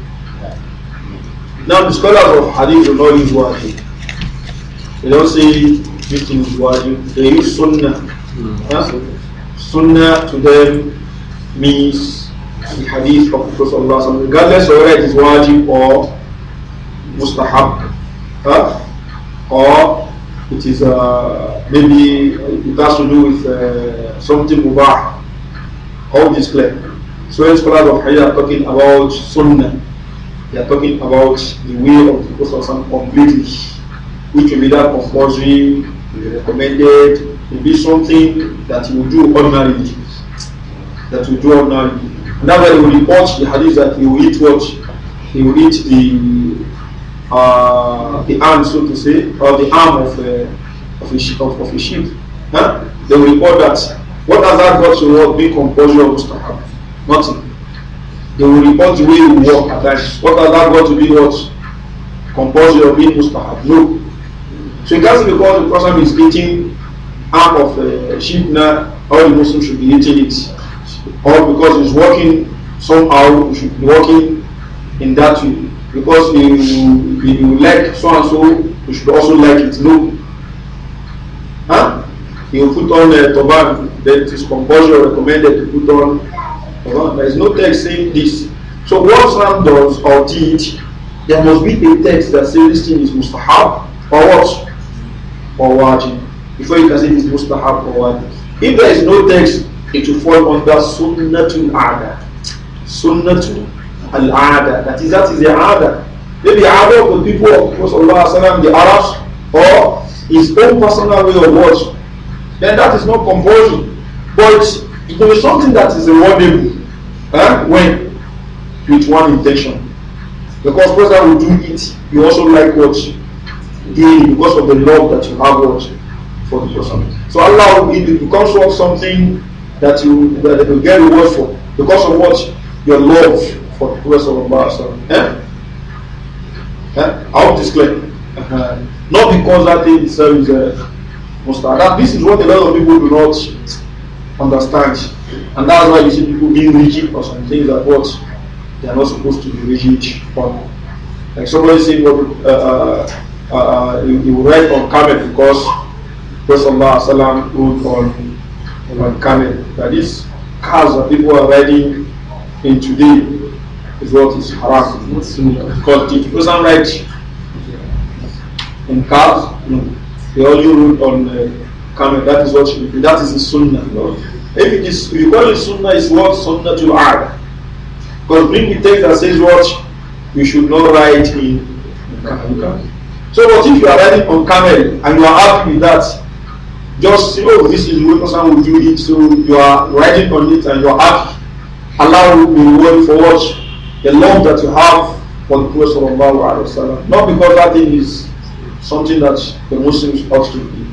Now the scholars of hadith do not use wajib. They don't say this thing is wajib. They use sunnah. Mm. Huh? Sunnah to them means the hadith of the Prophet regardless of whether it is wajib or mustahab or it is uh, maybe it has to do with uh, something mubah all this claim so when scholars of hadith are talking about sunnah they are talking about the way of the Prophet completely which will be that compulsory recommended will be something that you do ordinarily that you do ordinarily Nobody will report the hadith that he will eat what? He will eat the uh, the arm, so to say, or the arm of a, uh, of a, of, of a sheep. Huh? They will report that. What has that got to what being composure of mustahab? Nothing. They will report the way you walk at times. What has that got to be what? Composure of being mustahab? No. So it doesn't because the person is eating arm of a uh, sheep now, all the Muslims should be eating it or because he's working somehow, he should be working in that way. Because you, you like so and so, you should also like it. No. Huh? You put on the turban, then it is compulsory recommended to put on There is no text saying this. So what Islam does or did, there must be a text that says this thing is mustahab or what? Or wajib. Before you can say it is mustahab or wajib. If there is no text, it will fall under sunnatul ada. Sunnatul al ada. That is that is the ada. Maybe ada of the people of Prophet the Arabs, or his own personal way of worship. Then that is not compulsion, but it will be something that is rewardable. Eh? When with one intention, because person will do it. You also like what daily because of the love that you have what for the person. So Allah will give it becomes what something that you that you get reward for because of what your love for the Prophet of eh? eh? I will this clear. Uh-huh. Not because that thing itself is uh, mustard. This is what a lot of people do not understand, and that's why you see people being rigid or some things that what they are not supposed to be rigid on. Like somebody saying what uh, uh, uh, uh, he, would write on camel because Prophet sallallahu alaihi wasallam wrote on on camel that these cars that people are riding in today is what is haram. Because the not ride in cars, no. they only rode on uh, camel. That is what you, that is the sunnah. No? If it is you call it sunnah, it's what sunnah to add. Because bring the text that says what you should not ride in, in camel. So what if you are riding on camel and you are happy with that? just say, oh, this is what person will do it, so you are riding on it and you are happy. Allah will reward for what? The love that you have for the Prophet of Allah. Not because that thing is something that the Muslims ought to be,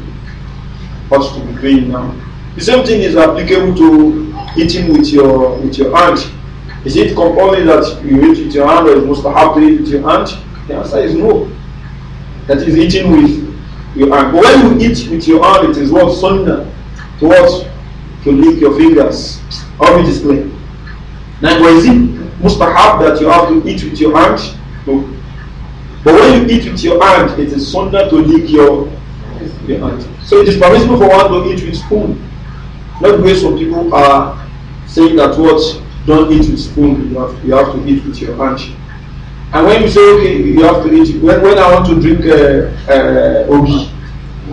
ought to be doing now. The same thing is applicable to eating with your with your hand. Is it compulsory that you eat with your hand or is mustahab to eat with your hand? The answer is no. That is eating with you are. But when you eat with your hand, it is what sunnah to what to lick your fingers. How it is clear. Now, is it mustahab that you have to eat with your hand? No. But when you eat with your hand, it is sunnah to lick your, your hand. So it is permissible for one to eat with spoon. Not the way some people are saying that what don't eat with spoon, you have, you have to eat with your hand. And when you say, okay, you have to eat, when, when I want to drink uh, uh, Obi,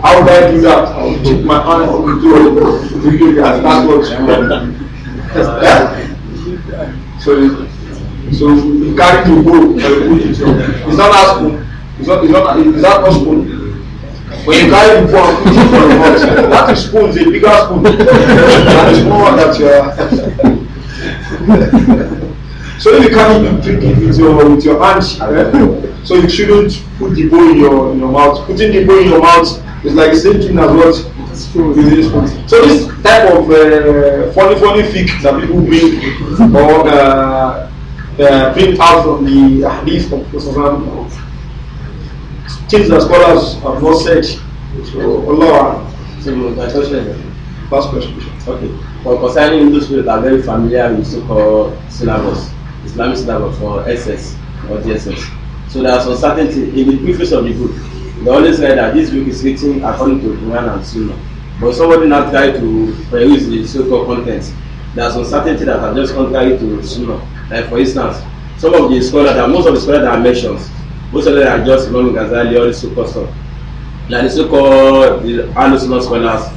how would I do that? I will take my hand and do drink it as that's what So, so you carry to go and put it on. It's not as spoon. It's not, it's not, it's not a spoon. When you carry the fork, put it on your That is spoon, It's a bigger spoon. that is more than your. So if you can't even drink it with your with your hands, eh? so you shouldn't put the bowl in your in your mouth. Putting the bowl in your mouth is like the same thing as what so this type of uh, funny, funny fiqh that people bring or uh, uh, bring out from the hadith of Prophet things that scholars have not said. So Allah. So my question, first question. Okay. For concerning those people that are very familiar with so-called syllabus, Islamic syllabus for SS or GSS. So there's uncertainty in the preface of the book. They always write that this book is written according to Quran and Sunnah. But somebody now try to peruse the so-called content. There's uncertainty that are just contrary to Sunnah. Like for instance, some of the scholars that most of the scholars that are mentioned, most of them are just Imam Ghazali or the so-called stuff. Like the so-called the Ahlus scholars,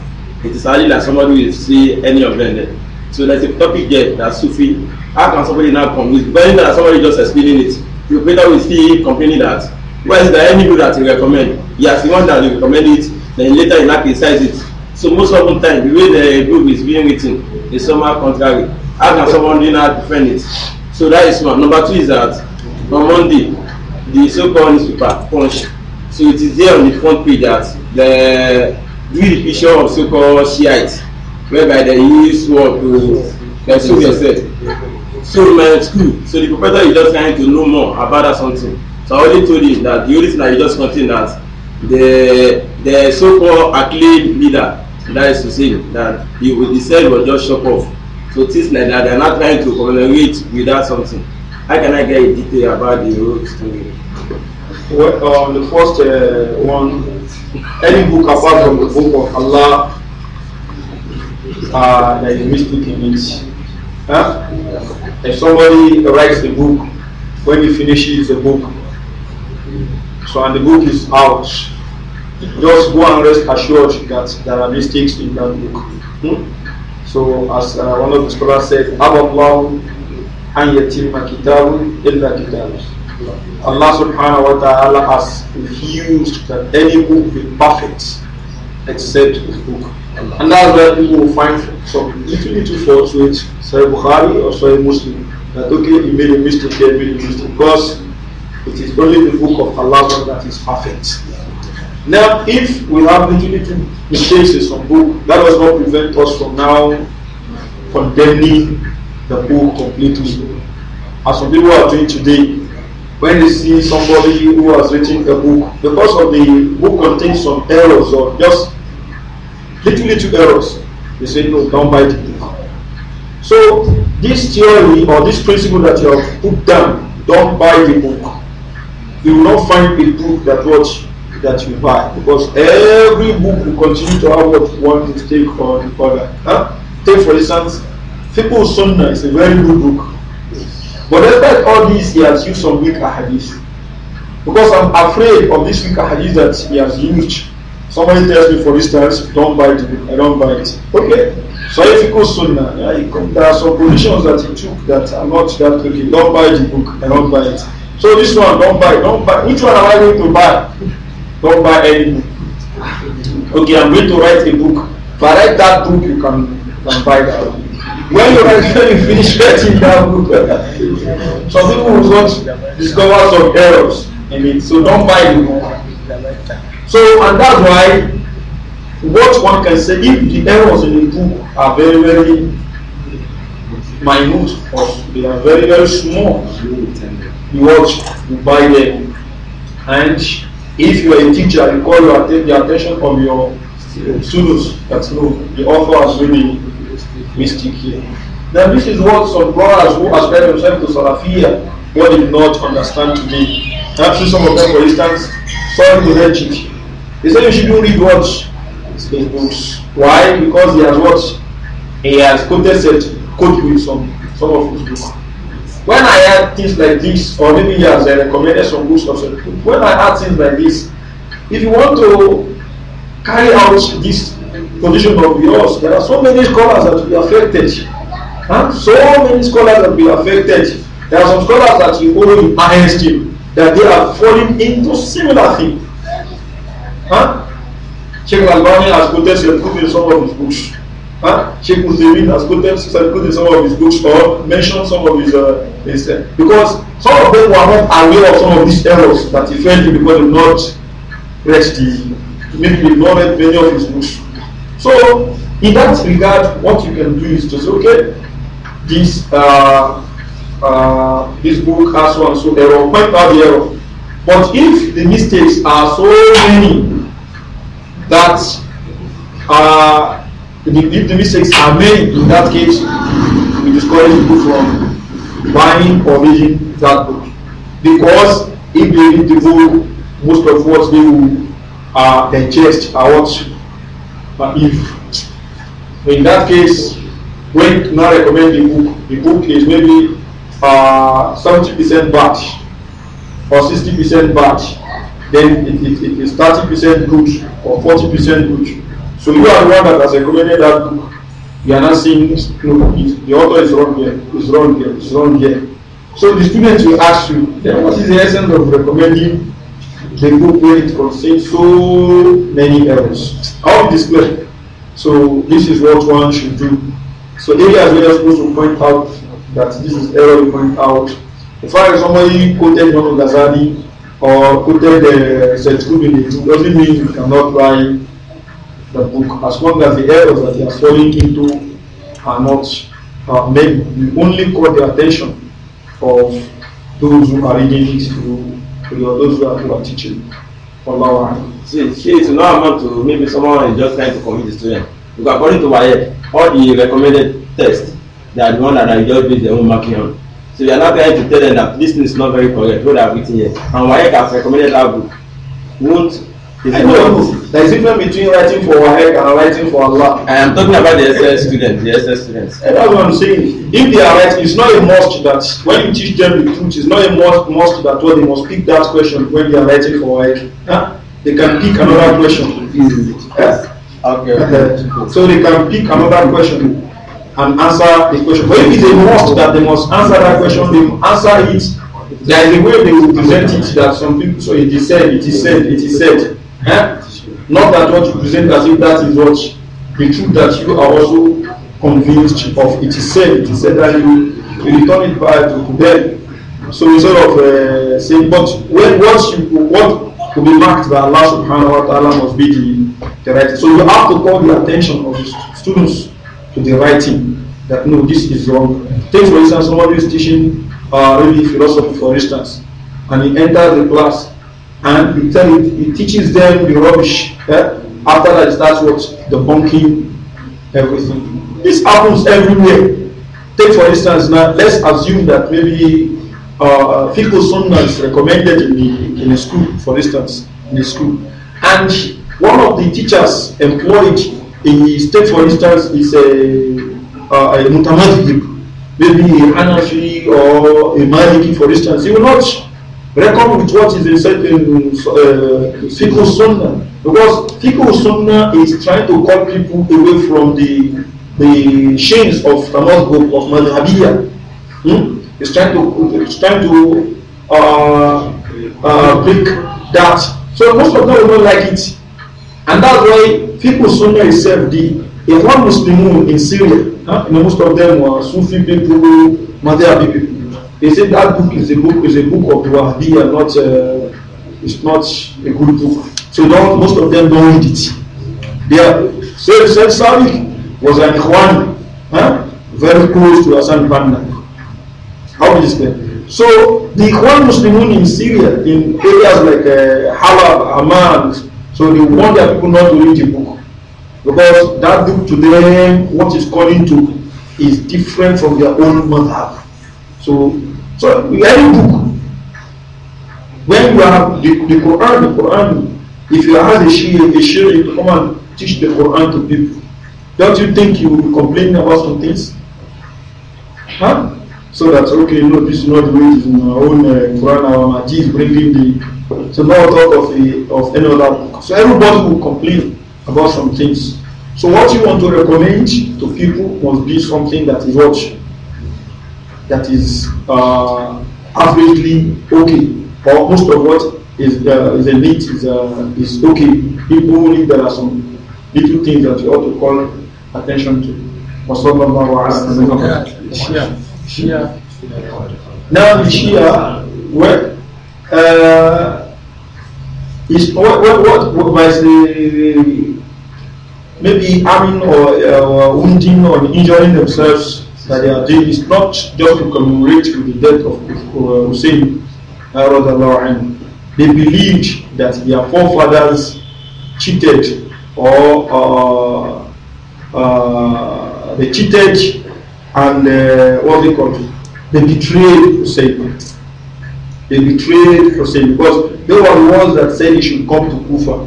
it is hardly that somebody will see any of them. So there's a topic there that's Sufi. How can somebody now come with bearing that somebody just explaining it? You operator will see complaining that. Why is there any good that you recommend? Yes, the one that you recommend it, then later you now criticize it. So most often time, the way the book is being written is somehow contrary. How can someone now defend it? So that is one. Number two is that on Monday, the so-called newspaper Punch. So it is there on the front page that the do the picture of so-called Shiites whereby they use what to like so said. So my school, so the professor is just trying to know more about that something. So I already told him that the only thing that you just contain that the the so-called acclaimed leader that is to say that he will decide was just shock off. So this like that they're not trying to commemorate without something. How can I get a detail about the whole story? Well, um, the first uh, one, any book apart from the book of Allah uh, there is mystic in it. Huh? If somebody writes a book, when he finishes the book, so and the book is out, just go and rest assured that there are mistakes in that book. Hmm? So, as uh, one of the scholars said, Allah illa Allah subhanahu wa ta'ala has refused that any book be perfect except the book. And that's where people will find some little, little faults with Sahih Bukhari or Sahih Muslim. That, okay, he made a mistake here, made a mistake. Because it is only the book of Allah that is perfect. Now, if we have little, little mistakes in some book, that does not prevent us from now condemning the book completely. As some people are doing today, when they see somebody who has written a book, because of the book contains some errors or just leading you to errors. They say, no, don't buy it. So this theory or this principle that you have put down, don't buy the book. You will not find a book that what that you buy because every book will continue to have what one mistake or the other. Huh? Take for instance, Fiqh Sunnah is a very good book. But despite all this, he has used some weak hadith. Because I'm afraid of this weak hadith that he has used. Somebody tells me, for instance, don't buy the book. I don't buy it. Okay. So if you go sunnah, yeah, you come, there are some positions that he took that are not that okay. Don't buy the book. I don't buy it. So this one, don't buy. Don't buy. Which one am I going to buy? Don't buy any book. Okay, I'm going to write a book. If I write that book, you can, can buy that. Book. When you write, when you finish writing that book, some people will not discover some errors in it. So don't buy the book. So, and that's why what one can say if the errors in the book are very, very minute or they are very, very small, you watch, you buy them. And if you are a teacher, you call your, the attention of your students that no, the author has really mistake here. Now, this is what some brothers who ascribe themselves to Salafia what did not understand today. I've seen some of them, for instance, some to they say you shouldn't read what? His books. Why? Because he has what? He has quoted said, quote with some, some of his books. When I had things like this, or maybe he has uh, recommended some books or something, when I had things like this, if you want to carry out this position of yours, there are so many scholars that will be affected. Huh? So many scholars that will be affected. There are some scholars that you only in earnest that they are falling into similar things. Check Sheikh Al-Albani has quoted some in some of his books. Huh? Sheikh Uthaymeen has quoted some in some of his books or mentioned some of his, uh, his uh, because some of them were not aware of some of these errors that he felt because they not read the maybe they not read many of his books. So in that regard, what you can do is to say, okay, this uh, uh, this book has so and so error, point out the error. But if the mistakes are so many that uh, if the mistakes are made, in that case, we discourage people from buying or reading that book. Because if they read the book, most of what they will uh, digest are what uh, if. In that case, when do not recommend the book, the book is maybe uh, 70% bad or 60% bad, then it, it, it is 30% good or 40% good. So you are the one that has recommended that book. You are not saying, no, the author is wrong here, is wrong here, is wrong here. So the students will ask you, then what is the essence of recommending the book where it contains so many errors? How this way? So this is what one should do. So areas where you're supposed to point out that this is error, you point out. If I somebody quoted Donald Ghazali or quoted uh, certificate, it doesn't mean you cannot buy the book as long as the errors that you are falling into are not uh, made. You only call the attention of those who are reading it to, to those who are, who are teaching. See, see, it's not amount to maybe someone is just trying to commit the student. Because according to Wayek, all the recommended tests, they are the one that I just based their own marking on. So we are now trying to tell them that this thing is not very correct, what they have written here. And WAEC has recommended that book. Won't is I know. There is a difference between writing for WAEC and writing for Allah. I am talking about the SS students, the SS students. And that's what I'm saying. If they are right, it's not a must that when you teach them the truth, it's not a must, must that well, they must pick that question when they are writing for WAEC. Huh? They can pick another question. Yes? Okay. okay. so they can pick another question. and answer the question. But if it's a must that they must answer that question, they answer it. There is a way they will present it that some people so it is said, it is said, it is said. Eh? Not that what you present as if that is what the truth that you are also convinced of. It is said, it is said that you, you return it back to them. So instead of uh, eh, saying, but when what you what to be marked by Allah subhanahu wa ta'ala must be the, the right. So you have to call the attention of the students to the right thing that no, this is wrong. Take for instance, someone is teaching uh, maybe philosophy, for instance, and he enters the class and he, tell it, he teaches them the rubbish. Eh, after that, that's what the bunking, everything. This happens everywhere. Take for instance, now let's assume that maybe uh, fiqh is recommended in, the, in a school, for instance, in a school, and one of the teachers employed he state for instance is a uh, a a group, maybe a Hanafi or a Maliki for instance, he will not reckon with what is said in uh, Fiqh Sunnah because Fiqh Sunnah is trying to call people away from the the chains of group of Madhabiyya. Hmm? It's trying to it's trying to uh, uh, break that. So most of them will not like it. And that's why people Sunnah itself, the one Muslim in Syria, huh? most of them were Sufi people, Madhabi people. They say that book is a book is a book of Wahdi and not uh, it's not a good book. So don't, most of them don't read it. They are Sayyid Sadiq was an Ikhwan, huh? very close to Hassan Banna. How is that? So the Ikhwan Muslim in Syria, in areas like uh, Halab, Amman, so they want their people not to read the book because that book to them, what is calling to, is different from their own mother. So, so any book, when you have the, the Quran, the Quran, if you have a Shia, a Shia come and teach the Quran to people, don't you think you will be complaining about some things? Huh? So that okay, no, this is not the way it is in our own uh, Quran, our Majid bringing the so not out of, a, of any other book. So everybody will complain about some things. So what you want to recommend to people must be something that is what that is uh, okay, or most of what is uh, is a need is uh, is okay. People if there are some little things that you ought to call attention to. Yeah. Now the Shia, where uh, is what, what, what was the maybe harming or, uh, or wounding or injuring themselves that they are doing is not just to commemorate with the death of uh, Hussein. They believed that their forefathers cheated or uh, uh, they cheated and uh, what they they betrayed Hussein. They betrayed Hussein because they were the ones that said he should come to Kufa.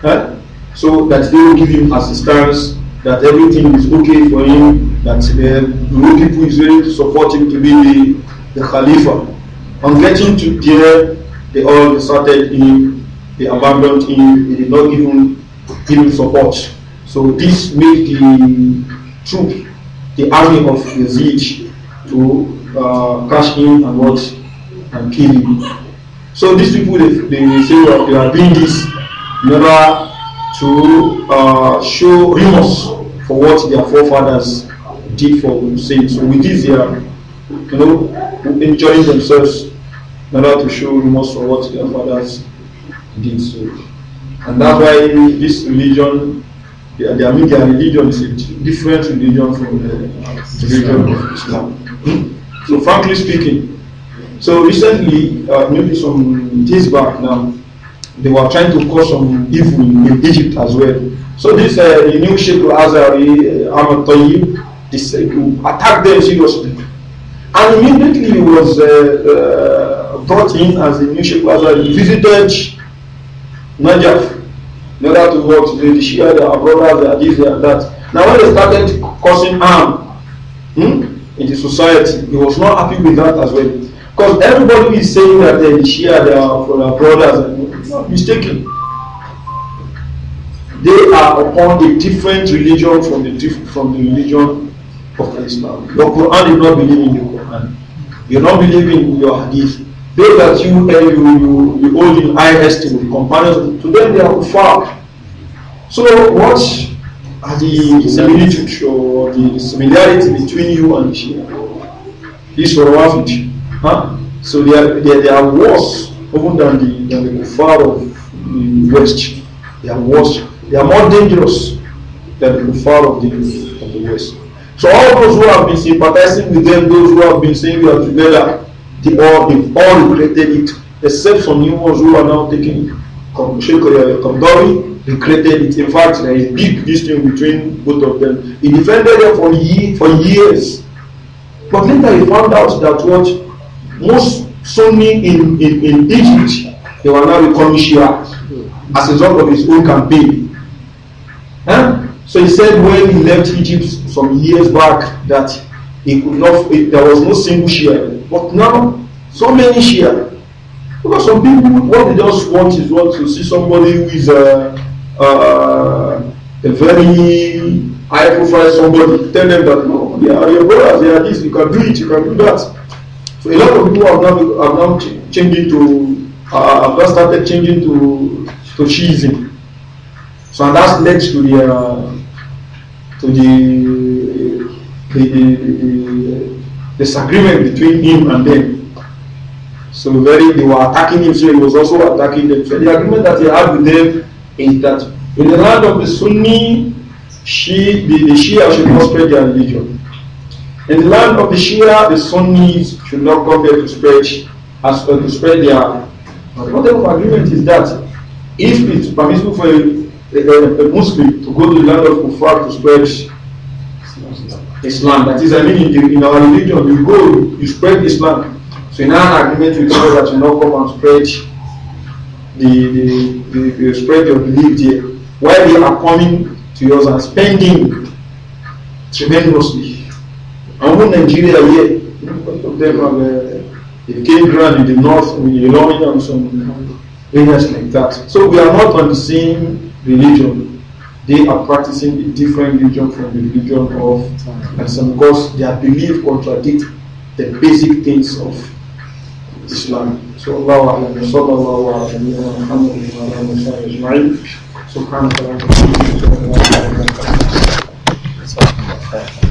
Huh? So that they will give him assistance, that everything is okay for him, that uh, the Guru people is ready to support him to be the, the Khalifa. On getting to there, they all deserted him, they abandoned him, they did not even him, give him support. So this made the troop, the army of Yazid, to uh, crush him and what and kill you. So these people, they, they say well, they are doing this in order to uh, show remorse for what their forefathers did for Hussein. So with this, they are, you know, enjoying themselves in order to show remorse for what their fathers did. So, and that's why this religion, the, the Amiga religion, is a different religion from the religion of Islam. Hmm? So, frankly speaking, so recently, uh, maybe some days back now, they were trying to cause some evil in Egypt as well. So this uh, new Sheikh Azari uh, Ahmad Tayyib this, uh, attacked them seriously. And immediately he was uh, uh brought in as the new Sheikh Azari, visited Najaf in order to what the Shia, the brothers, their this, and that. Now when they started causing harm hmm, in the society, he was not happy with that as well. Because everybody is saying that they share their brothers and it's not mistaken. They are upon a different religion from the from the religion of Islam. Your Quran is not believing your Quran. You're not believing your hadith. They that you uh, you, you, you hold in high esteem, companions, to them they are far. So what are the similitude or the similarity between you and Shia? This for what? Huh? So they are, they, they are worse even than the, than the kuffar of the mm, West. They are worse. They are more dangerous than the kuffar of the, of the West. So all those who have been sympathizing with them, those who have been saying we are together, they all, they've all regretted it, except some new ones who are now taking Sheikh uh, Kamdawi regretted it. In fact, there is big distance between both of them. He defended them for, for years. But later he found out that what most Sunni in, in, in Egypt, they were now becoming Shia as a result of his own campaign. Huh? So he said when he left Egypt some years back that he could not, there was no single Shia. But now, so many Shia. Because some people, what they just want is want to see somebody who is a, uh, a, uh, a very high profile somebody, tell them that no, they are your brothers, they are this, you can do it, you can do that. So a lot of people have now, have now changing to, uh, have now started changing to, to Shiism. So and that's led to the, uh, to the, the, the, disagreement between him and them. So very, they were attacking him, so he was also attacking them. So the agreement that he had with them is that in the land of the Sunni, she, the, the Shia should not spread their religion. In the land of the Shia, the Sunnis should not come there to spread as well uh, to spread their. What type of agreement is that? If it's permissible for a, a, a Muslim to go to the land of Kufar to spread Islam, that is, I mean, in, the, in our religion, you go, you spread Islam. So in our agreement with God that you not come and spread the, the, the, the spread your belief there, while they are coming to yours and spending tremendously. And when Nigeria here, most of them have uh, it came ground in the north with Ilomi and some areas like that. So we are not on the same religion. They are practicing a different religion from the religion of Islam, some because their belief contradicts the basic things of Islam. So Allah sallallahu alayhi wa sallam. سبحانك